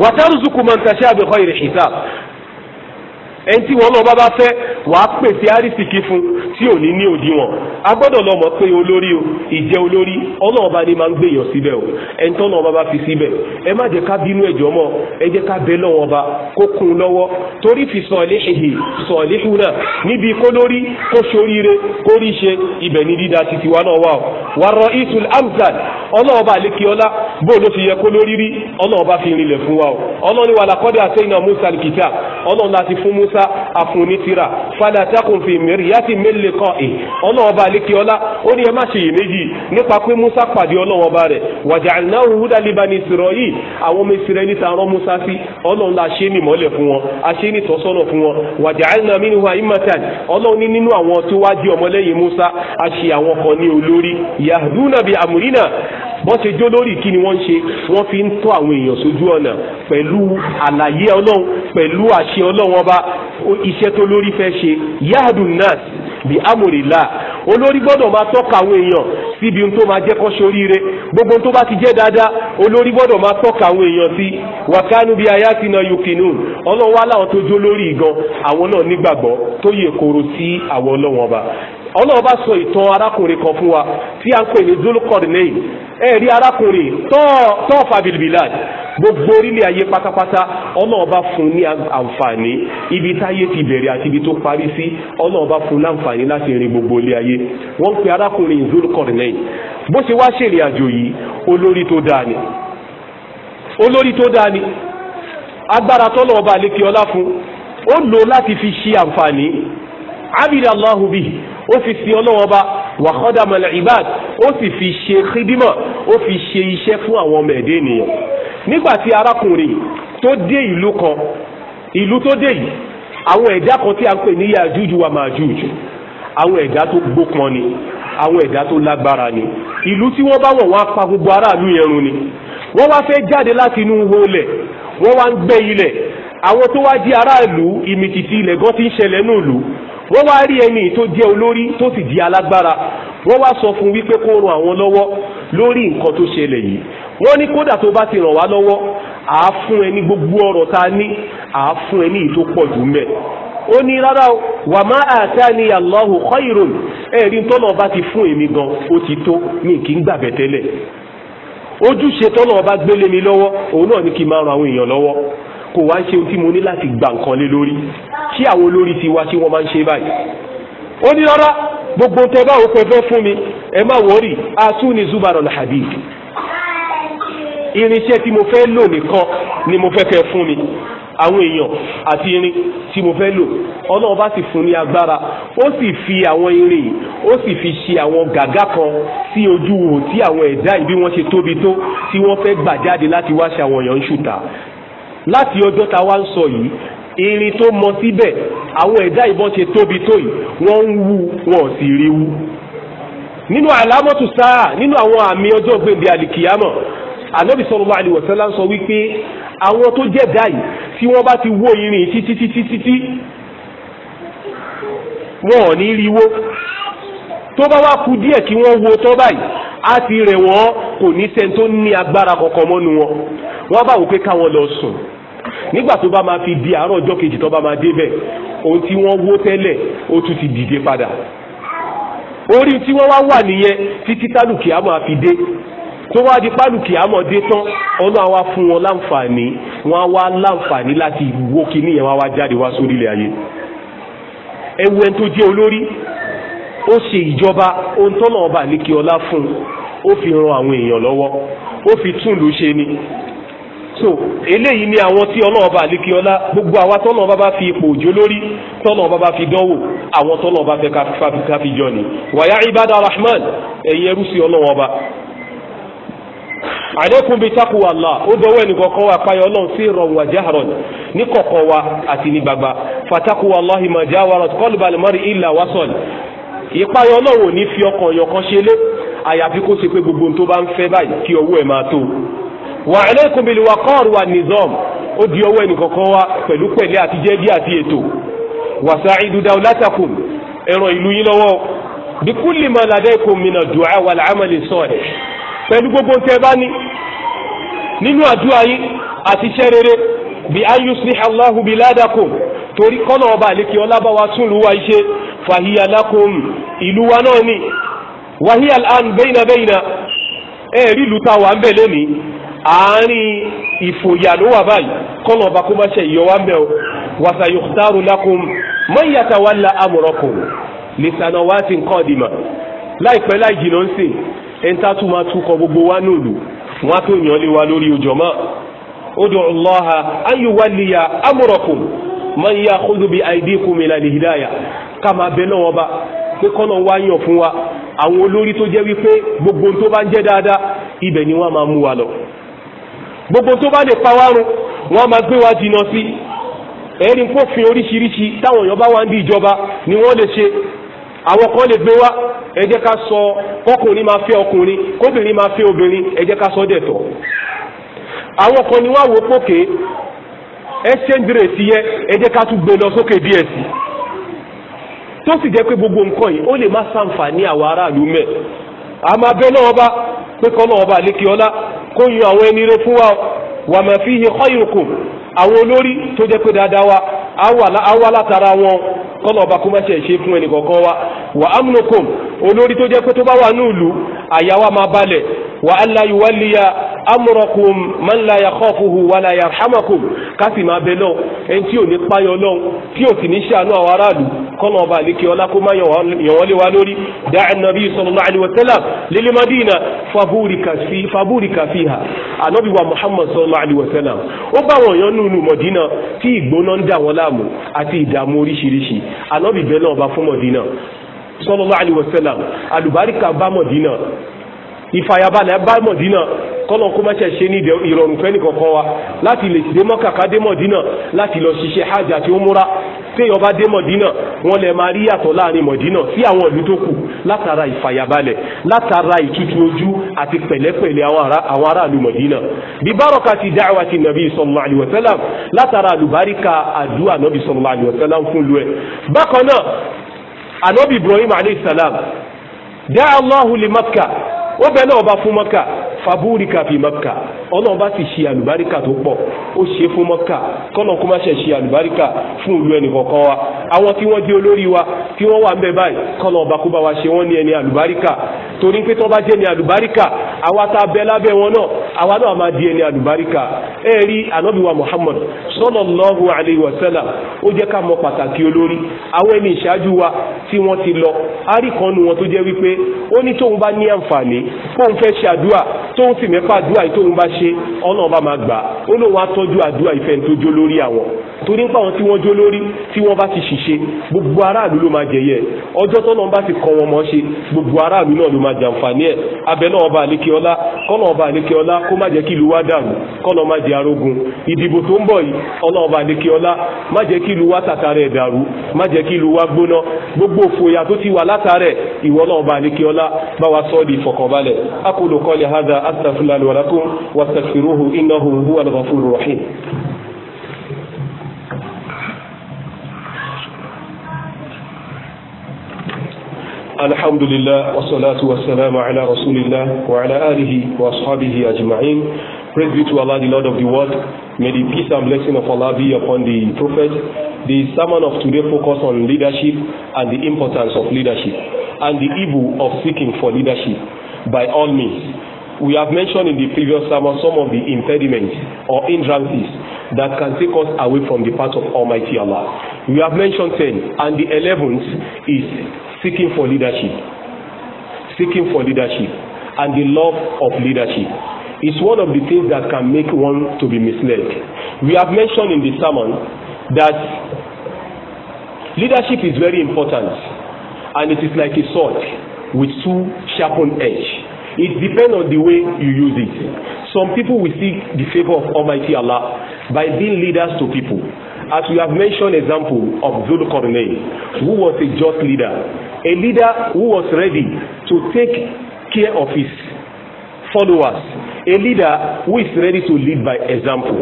wàtàrùzùkù mọ̀ntàṣà bi ẹni tí wọn náà bá bá fẹ́ wàá pèsè àrísìkí fún tí ò ní ní òdiwọ̀n a gbọ́dọ̀ lọ mọ̀ pé olórí o ìjẹ́ olórí ọlọ́run bá ní máa ń gbèyàn síbẹ̀ o ẹni tó náà bá bá fi síbẹ̀ ẹ má jẹ́ ká bínú ẹ̀jọ́ mọ́ ẹ jẹ́ ká bẹ lọ́wọ́n ba kó kún lọ́wọ́ torí fi sọ̀lẹ́ èhè sọ̀lẹ́ húnà níbi kó lórí kó soríire kó rí ṣe ibẹ̀ ní dídá titi wa náà wà o wàrọ̀ isul amzad ọlọ́run bá lékè ọlá bó ló ti yẹ kó lórí rí ọlọ́run bá fi rinlẹ̀ fún wa o ọlọ́run ni wàlàkọ́dẹ̀ àtẹ́yìn Musa afunitira fala takun fi miryati min liqa'i ọlọ́wọ́ bá alẹ́ kí ọlá ó ní ẹ má ṣe iyèméjì nípa pé musa pàdé ọlọ́wọ́ bá rẹ̀ waja'alnahu hudan li bani isra'il àwọn ọmọ Ísírẹ́lì ní tààrọ́ musa sí ọlọ́run la ṣe ní mọ́lẹ̀ fún wọn a ṣe ní tọ́sọ́nà fún wọn waja'alna minhu a'immatan ọlọ́run ní nínú àwọn tó wá jẹ́ ọmọlẹ́yìn musa a ṣe àwọn kan ní olórí yahduna bi amrina wọ́n ṣe jó lórí kí ni wọ́n ń ṣe wọ́n fi ń tọ́ àwọn èèyàn sójú ọ̀nà pẹ̀lú àlàyé ọlọ́run pẹ̀lú àṣẹ ọlọ́run ọba iṣẹ́ tó lórí fẹ́ ṣe yahadun nas bi amòrìlá olórí gbọ́dọ̀ máa tọ́ka àwọn èèyàn síbi tó máa jẹ́ kó ṣoríire gbogbo tó bá ti jẹ́ dáadáa olórí gbọ́dọ̀ máa tọ́ka àwọn èèyàn sí wàkánú bíi ayatina yukinun ọlọ́wọ́ aláwọn tó jó lórí ìgan àwọn náà nígbàgbọ́ tó yẹ kóró sí àwọn ọlọ́wọ́n ọba ọlọ́run bá sọ ìtàn arákùnrin kan fún wa tí a ń pè ní zulukọ́dínẹ́yìn ẹ̀rí arákùnrin tọ́ọ̀fà bilbilad gbogbo orílẹ̀ ayé pátápátá ọlọ́run bá fún ní àǹfààní ibi táyé ti bẹ̀rẹ̀ àti ibi tó parí sí ọlọ́run bá fún láǹfààní láti rin gbogbo ilé ayé wọ́n ń pe arákùnrin zulukọ́dínẹ́yìn bó ṣe wá ṣèrìn àjò yìí olórí tó dáa ni olórí tó dáa ni agbára tọ́lọ̀ ọba àlékè ọlá fún ó lò láti fi ṣe àǹfààní abidallahu bihi ó fi sin ọlọ́wọ́n bá wa khadama al-ibad ó sì fi ṣe xidimọ̀ ó fi ṣe iṣẹ́ fún àwọn ọmọ ẹ̀dẹ́ ènìyàn nígbà tí arákùnrin tó dé ìlú kan ìlú tó dé yìí àwọn ẹ̀dá kan tí a ń pè ní Yájújù wa Májújù àwọn ẹ̀dá tó gbópọn ni àwọn ẹ̀dá tó lágbára ni ìlú tí wọ́n bá wọ̀ wọ́n á pa gbogbo aráàlú yẹn run ni wọ́n wá fẹ́ jáde láti inú wọlẹ̀ wọ́n wá ń gbẹ́ ilẹ̀ àwọn tó wá di aráàlú ìmìtìtì ilẹ̀ gan ti ń ṣẹlẹ̀ ní wọ́n wá rí ẹni tó jẹ́ olórí tó sì di alágbára wọ́n wá sọ fún wípé kó ran àwọn lọ́wọ́ lórí nǹkan tó ṣẹlẹ̀ yìí wọ́n ní kódà tó bá ti ràn wá lọ́wọ́ àá fún ẹni gbogbo ọ̀rọ̀ tá a ní àá fún ẹni tó pọ̀ jù mẹ́ ó ní rárá o wà má àtàní Allahu khairun ẹ̀rí tọ́nà bá ti fún èmi gan ó ti tó ní kí n gbàgbẹ́ tẹ́lẹ̀ ojúṣe tọ́nà bá gbélé mi lọ́wọ́ òun náà ní kí n máa ran àwọn èèyàn lọ́wọ́ kò wá ṣe tí mo ní láti gbà nǹkan lé lórí kí àwọn olórí ti wá tí wọ́n máa ń ṣe báyìí ó ní rárá gbogbo tẹ bá òun pẹfẹ fún mi ẹ má wọrí atún ní zubaron habib irinṣẹ́ tí mo fẹ́ lò nìkan ni mo fẹ́ kẹ́ fún mi àwọn èèyàn àti irin tí mo fẹ́ lò ọlọ́run bá sì fún ní agbára ó sì fi àwọn irin yìí ó sì fi ṣe àwọn gàgá kan sí ojú wo tí àwọn ẹ̀dá yìí bí wọ́n ṣe tóbi tó tí wọ́n fẹ́ gbà jáde láti wá ṣe àwọn èèyàn ń ṣùtà láti ọjọ́ ta wá ń sọ yìí irin tó mọ síbẹ̀ àwọn ẹ̀dá ìbọn ṣe tóbi tó yìí wọ́n ń wú wọn ò sì rí wú nínú àlámọ́tù sáà nínú àwọn àmì ọjọ́ gbèndé àlìkìyámọ̀ ànábì sallallahu alaihi wasallam sọ wípé àwọn tó jẹ́ dáì tí wọ́n bá ti wó irin títí títí títí wọn ò ní rí wó tó bá wá ku díẹ̀ kí wọ́n wo tó báyìí á ti rẹ̀ wọ́n kò ní sẹ́ni tó ní agbára kankan mọ́nu wọn wọ́n bá wò pé káwọn lọ sùn nígbà tó bá máa fi di àárọ̀ ọjọ́ kejì tó bá máa débẹ̀ ohun tí wọ́n wó tẹ́lẹ̀ ó tún ti dìde padà orí tí wọ́n wá wà nìyẹn títí tálùkì á máa fi dé tó wá di pálùkì àmọ̀dé tán ọlọ́ àwa fún wọn láǹfààní wọn wá láǹfààní láti wó kíní yẹn wá wá jáde wá sórí ilẹ̀ ayé ẹwu ẹni tó jẹ́ olórí ó ṣe ìjọba ohun tọ́nà ọba àlékè ọlá fún ó fi ran àwọn èèyàn lọ́wọ́ ó fi tún ṣe ni so eléyìí ni àwọn tí ọlọ́run bá lè kí ọlá gbogbo àwa tọ́lọ́run bá bá fi ipò òjò lórí tọ́lọ́run bá bá fi dánwò àwọn tọ́lọ́run bá fẹ́ ká fi jọ ni wàyà ibada rahman ẹ̀yin ẹrú sí ọlọ́run ọba àdékùn bíi takuwa Allah ó dọwọ́ ẹnìkọ̀ọ̀kan wa apáyọ ọlọ́run sí ìrọ̀rùn àjáhàrọ̀n ní kọ̀kọ̀ wa àti ní gbagba fatakuwa Allahi ma jawarat qalbal mar'i illa wasal ìpáyọ ọlọ́run ò ní fi ọkàn ọ̀yọ̀kan ṣe lé àyàfi kó ṣe pé gbogbo ohun wa alaykum bil waqar wa nizam ó di ọwọ́ ẹnìkọ̀ọ̀kan wa pẹ̀lú pẹ̀lẹ́ àti jẹ́bí àti ètò wasa'idu dawlatakum ẹ̀rọ ìlú yín lọ́wọ́ bi kulli ma ladaykum min ad-du'a wal 'amali salih pẹ̀lú gbogbo tẹ́ bá ní nínú àdúrà yín àti iṣẹ́ bí an yusliha Allahu biladakum torí kọ́nà ọba àlekè ọlábàwá tún lù wá iṣẹ́ fahiya lakum ìlú wa náà ni àárín ìfòyà ló wà báyìí kọ́nà ọba kó má ṣe ìyọwá mẹ́ o wasayukhtaru lakum man yatawalla amrakum lisanawatin qadima láìpẹ́ láì jìnnà ń sìn ẹ̀ńtà tún máa tún kọ gbogbo wa nùlù wọn á tó yàn lé wa lórí ojọ́ mọ́ ud'u Allaha an yuwalliya amrakum man ya'khudhu bi aydikum ila al-hidayah ká máa bẹ pé kọ́nà wá yàn fún wa àwọn olórí tó jẹ́ wípé gbogbo tó bá ń jẹ́ dáadáa ibẹ̀ ni wọ́n máa mú wa lọ gbogbo tó bá lè pa wá run wọ́n máa gbé wa jìnnà sí ẹni kófin oríṣiríṣi táwọn èèyàn bá wá ń di ìjọba ni wọ́n lè ṣe àwọn kan lè gbé wá ẹ ká sọ kọkùnrin máa fẹ́ ọkùnrin kóbìnrin máa fẹ́ obìnrin ẹ ká sọ àwọn kan ni wọ́n wò pókè exchange rate yẹ ẹ ká tún gbé lọ sókè gbogbo nǹkan yìí ó lè má àwọn kó yan àwọn ẹni rẹ fún wa wà mà fi hi khayrukum àwọn olórí tó jẹ́ pé dáadáa wa àwa látara wọn kọ́nà ọba kó má ṣe ṣe fún ẹnì kọ̀ọ̀kan wa wà amnukum olórí tó jẹ́ pé tó bá wà ní ìlú àyà wa máa balẹ̀ wà alla yuwalliya amrakum man la yakhafuhu wa la lọ ẹni tí ò ní páyọ lọ tí ò sì ní ṣàánú àwọn aráàlú kọ́nà ọba àlékè ọlá kó má yàn wọ́n lé wa lórí dáa nàbí sallallahu alaihi wa sallam lílé madina fabúrìkà fi hà ànábì muhammad sallallahu alaihi ó bá wọn yàn nínú mọ̀dínà tí ìgbóná ń dà wọ́n láàmú àti ìdààmú oríṣiríṣi ànábì náà ọba fún mọ̀dínà sallallahu alaihi àlùbáríkà bá mọ̀dínà ìfàyàbalẹ̀ bá mọ̀dínà kọ́lọ̀ kó mẹ́sẹ̀ ṣe ní ìrọ̀rùn fẹ́ nìkọ̀kọ́ wa láti lè dé mọ́kàká dé mọ̀dínà láti lọ ṣiṣẹ́ hajj àti umura téèyàn bá dé mọ̀dínà wọn lè máa rí yàtọ̀ láàrin mọ̀dínà sí àwọn ìlú tó kù látara ìfàyàbalẹ̀ látara ìtútù ojú àti pẹ̀lẹ́pẹ̀lẹ́ àwọn aráàlú mọ̀dínà bí bárọ̀ka ti dáwà ti nàbí sallallahu alaihi wasallam látara àlùbáríkà àdúrà nàbí sallallahu alaihi wasallam fún lu ẹ̀ bákan náà ànábì Ibrahim alayhi salam dá Allahu li ó bẹ náà ọba fún mọ́kà fabúríkà fi mọ́kà ọlọ́run bá sì ṣe àlùbáríkà tó pọ̀ ó ṣe fún mọ́kà kọ́nà kó má ṣe ṣe àlùbáríkà fún ìlú ẹnì kọ̀ọ̀kan wa àwọn tí wọ́n di olórí wa tí wọ́n wà ń bẹ báyìí kọ́nà ọba kó bá wa ṣe wọ́n ní ẹni àlùbáríkà torí pé tọ́ jẹ́ ní àlùbáríkà àwa tá a lábẹ́ wọn náà àwa náà máa di ẹni àlùbáríkà ẹ rí ànábìwa Muhammad sallallahu alayhi wa sallam ó jẹ́ ká mọ pàtàkì olórí àwọn ẹni ìṣáájú wa tí wọ́n ti lọ á nu wọn tó jẹ́ wípé ó ní tóun bá ní àǹfààní kóun fẹ́ ṣàdúà tóun sì mẹ́fà àdúrà yìí tóun bá ṣe ọ̀nà ọba máa gbà ó lóun wá tọ́jú àdúrà ìfẹ́ tó jó lórí àwọn torí ń pa àwọn tí wọ́n jó lórí tí wọ́n bá ti ṣìṣe gbogbo aráàlú ló máa jẹyẹ ọjọ́ tọ́nà bá ti kọ wọn mọ́ ṣe gbogbo aráàlú náà ló máa jàǹfààní ẹ̀ abẹ náà ọba àlékeọlá kọ́nà ọba àlékeọlá kó má jẹ́ kí ìlú wa dàrú kọ́nà má jẹ́ arógun ìdìbò tó ń bọ̀ yìí ọ̀nà ọba àlékeọlá má jẹ́ kí ìlú wa tàtàrẹ̀ dàrú má jẹ́ kí ìlú wa gbóná gbogbo òfòyà tó ti wà látàrẹ̀ ìwọ náà ọba àlékeọlá bá wa sọ́ọ́ di ìfọ̀kànbalẹ̀ akólókọ́lẹ̀ hadha أستغفر الله ولكم واستغفروه إنه هو الغفور الرحيم الحمد لله والصلاة والسلام على رسول الله وعلى آله وأصحابه أجمعين Praise be to Allah, the Lord of the world. May the peace and blessing of Allah be upon the Prophet. The sermon of today focus on leadership and the importance of leadership and the evil of seeking for leadership by all means. We have mentioned in the previous sermon some of the impediments or hindrances that can take us away from the path of Almighty Allah. We have mentioned ten, and the eleventh is seeking for leadership. Seeking for leadership and the love of leadership is one of the things that can make one to be misled. We have mentioned in the sermon that leadership is very important, and it is like a sword with two sharpened edge It depends on the way you use it. Some people will seek the favour of Almighty Allah by being leaders to people. As we have mentioned example of Zulqarnain, who was a just leader, a leader who was ready to take care of his followers, a leader who is ready to lead by example.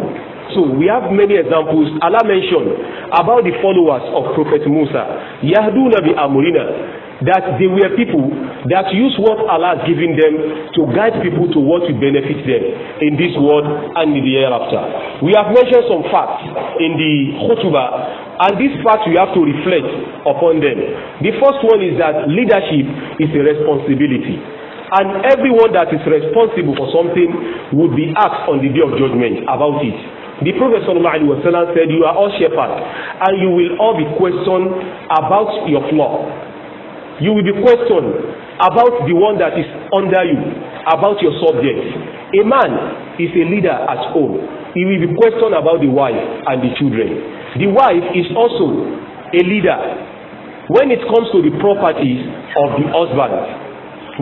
So we have many examples. Allah mentioned about the followers of Prophet Musa. Yahduna Nabi amrina that they were people that use what Allah has given them to guide people to what will benefit them in this world and in the hereafter. We have mentioned some facts in the khutbah and these facts we have to reflect upon them. The first one is that leadership is a responsibility and everyone that is responsible for something would be asked on the day of judgment about it. The Prophet sallallahu alaihi wasallam said you are all shepherds and you will all be questioned about your flock you will be questioned about the one that is under you about your subject a man is a leader at home he will be questioned about the wife and the children the wife is also a leader when it comes to the properties of the husband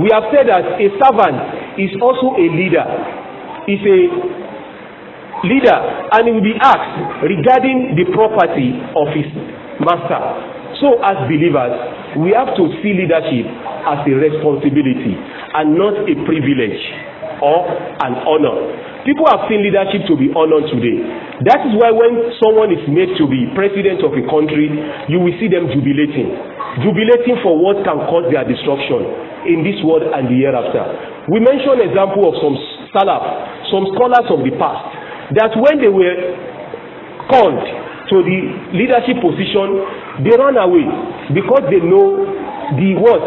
we have said that a servant is also a leader is a leader and he will be asked regarding the property of his master So as believers, we have to see leadership as a responsibility and not a privilege or an honor. People have seen leadership to be honored today. That is why when someone is made to be president of a country, you will see them jubilating. Jubilating for what can cause their destruction in this world and the hereafter. We mention example of some salaf, some scholars of the past, that when they were called to the leadership position They run away because they know the what?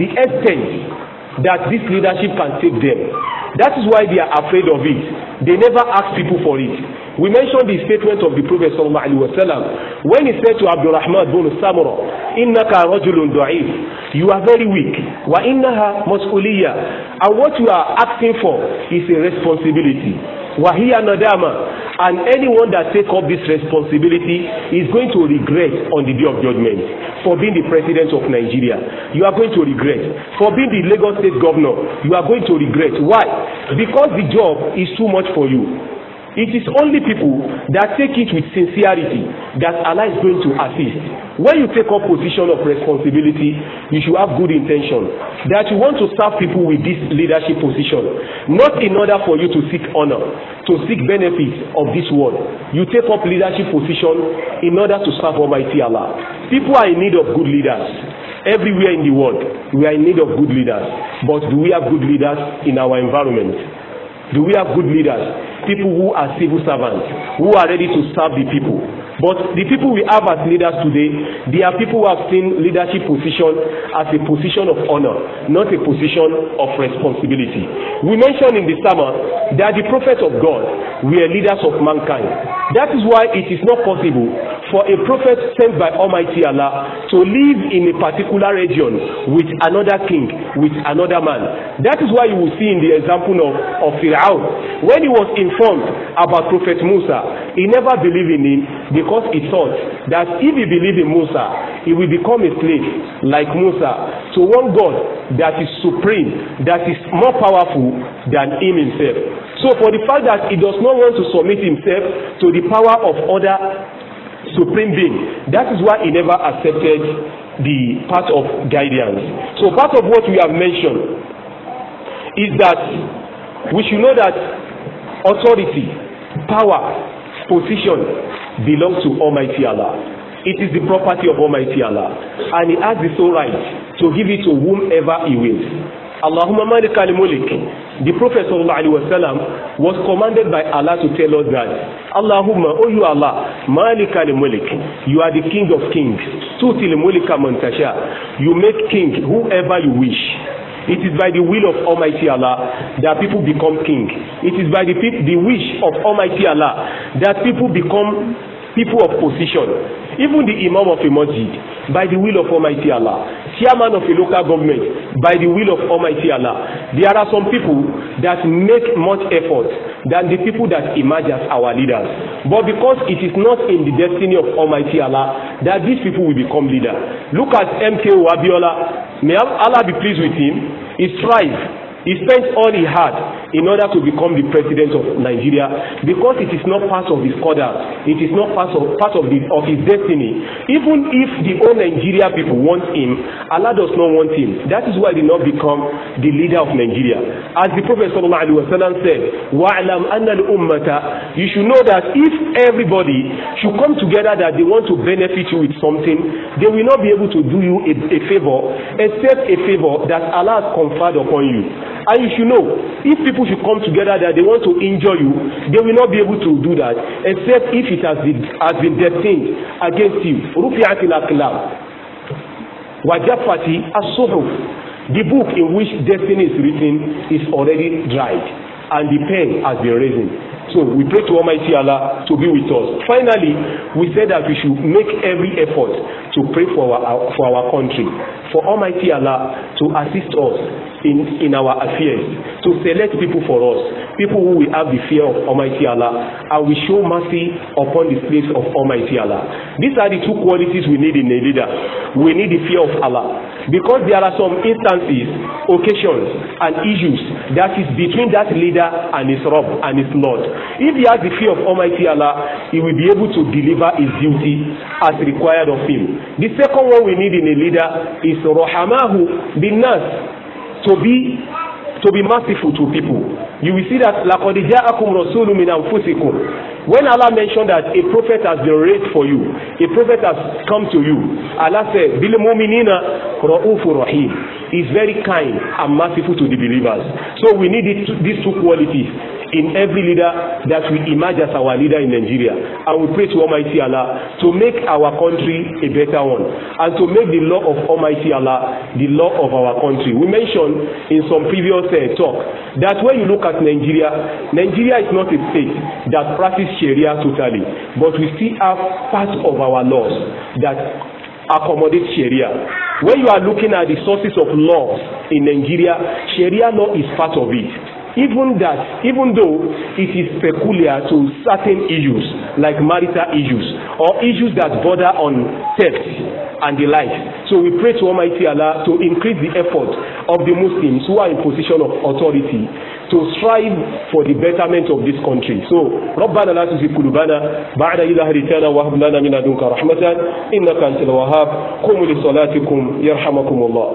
The extent that this leadership can take them. That is why they are afraid of it. They never ask people for it. We mentioned the statement of the Prophet sallallahu alaihi wasallam when he said to Abdurrahman bin Samura, "Innaka rajulun da'if, you are very weak. Wa innaha mas'uliyya, and what you are asking for is a responsibility." wahiya nadama and anyone that take up this responsibility is going to regret on the day of judgment for being the president of Nigeria you are going to regret for being the Lagos state governor you are going to regret why because the job is too much for you It is only people that take it with sincerity that Allah is going to assist. When you take up position of responsibility, you should have good intention that you want to serve people with this leadership position, not in order for you to seek honour, to seek benefit of this world. You take up leadership position in order to serve Almighty Allah. People are in need of good leaders. Everywhere in the world, we are in need of good leaders. But do we have good leaders in our environment? Do we have good leaders? People who are civil servants, who are ready to serve the people. But the people we have as leaders today, they are people who have seen leadership position as a position of honor, not a position of responsibility. We mentioned in the sermon that the prophets of God were leaders of mankind. That is why it is not possible for a prophet sent by Almighty Allah to live in a particular region with another king, with another man. That is why you will see in the example of, of Fir'aun. When he was informed about Prophet Musa, he never believed in him because he thought that if he believed in Musa, he will become a slave like Musa to one God that is supreme, that is more powerful than him himself. So for the fact that he does not want to submit himself to the power of other supreme being. That is why he never accepted the part of guidance. So part of what we have mentioned is that we should know that authority, power, position belong to Almighty Allah. It is the property of Almighty Allah, and He has the sole right to give it to whomever He wills. Allahumma malik al-mulk. The Prophet sallallahu alaihi wasallam was commanded by Allah to tell us that Allahumma, O oh you Allah, malik al-mulk. You are the king of kings. Tuti al-mulka man tasha. You make king whoever you wish. It is by the will of Almighty Allah that people become king. It is by the, the wish of Almighty Allah that people become people of position even the imam of a masjid by the will of almighty allah chairman of a local government by the will of almighty allah there are some people that make much effort than the people that emerge as our leaders but because it is not in the destiny of almighty allah that these people will become leader. look at mko abiola may allah be pleased with him he strive he spent all he had in order to become the president of Nigeria because it is not part of his order it is not part of part of the of his destiny even if the whole Nigeria people want him Allah does not want him that is why he did not become the leader of Nigeria as the Prophet sallallahu alaihi wasallam said wa'alam anna al-ummata you should know that if everybody should come together that they want to benefit you with something they will not be able to do you a, a favor except a favor that Allah has conferred upon you and you should know if people people should come together that they want to injure you, they will not be able to do that except if it has been has been destined against you. Rufi'ati al-aqlam wajafati as-suhuf. The book in which destiny is written is already dried and the pen has been risen. So we pray to Almighty Allah to be with us. Finally, we said that we should make every effort to pray for our, for our country, for Almighty Allah to assist us in, in our affairs to select people for us, people who will have the fear of Almighty Allah and we show mercy upon the place of Almighty Allah. These are the two qualities we need in a leader. We need the fear of Allah because there are some instances, occasions, and issues that is between that leader and his Rob and his Lord. If he has the fear of Almighty Allah, he will be able to deliver his duty as required of him. The second one we need in a leader is Rahamahu bin Nas to be to be merciful to people you will see that laqad ja'akum rasulun min anfusikum when Allah mentioned that a prophet has been raised for you a prophet has come to you Allah said bil mu'minina ra'ufur rahim is very kind and merciful to the believers. So we need it, these two qualities in every leader that will emerge as our leader in Nigeria. And we pray to Almighty Allah to make our country a better one and to make the law of Almighty Allah the law of our country. We mentioned in some previous uh, talk that when you look at Nigeria, Nigeria is not a state that practices Sharia totally, but we still have part of our laws that accommodate Sharia. When you are looking at the sources of law in Nigeria, Sharia law is part of it even that even though it is peculiar to certain issues like marital issues or issues that border on theft and the like so we pray to Almighty Allah to increase the effort of the Muslims who are in position of authority to strive for the betterment of this country so ربنا لا تزغ قلوبنا بعد إذ هديتنا وهب لنا من لدنك رحمة إنك أنت الوهاب قوموا لصلاتكم يرحمكم الله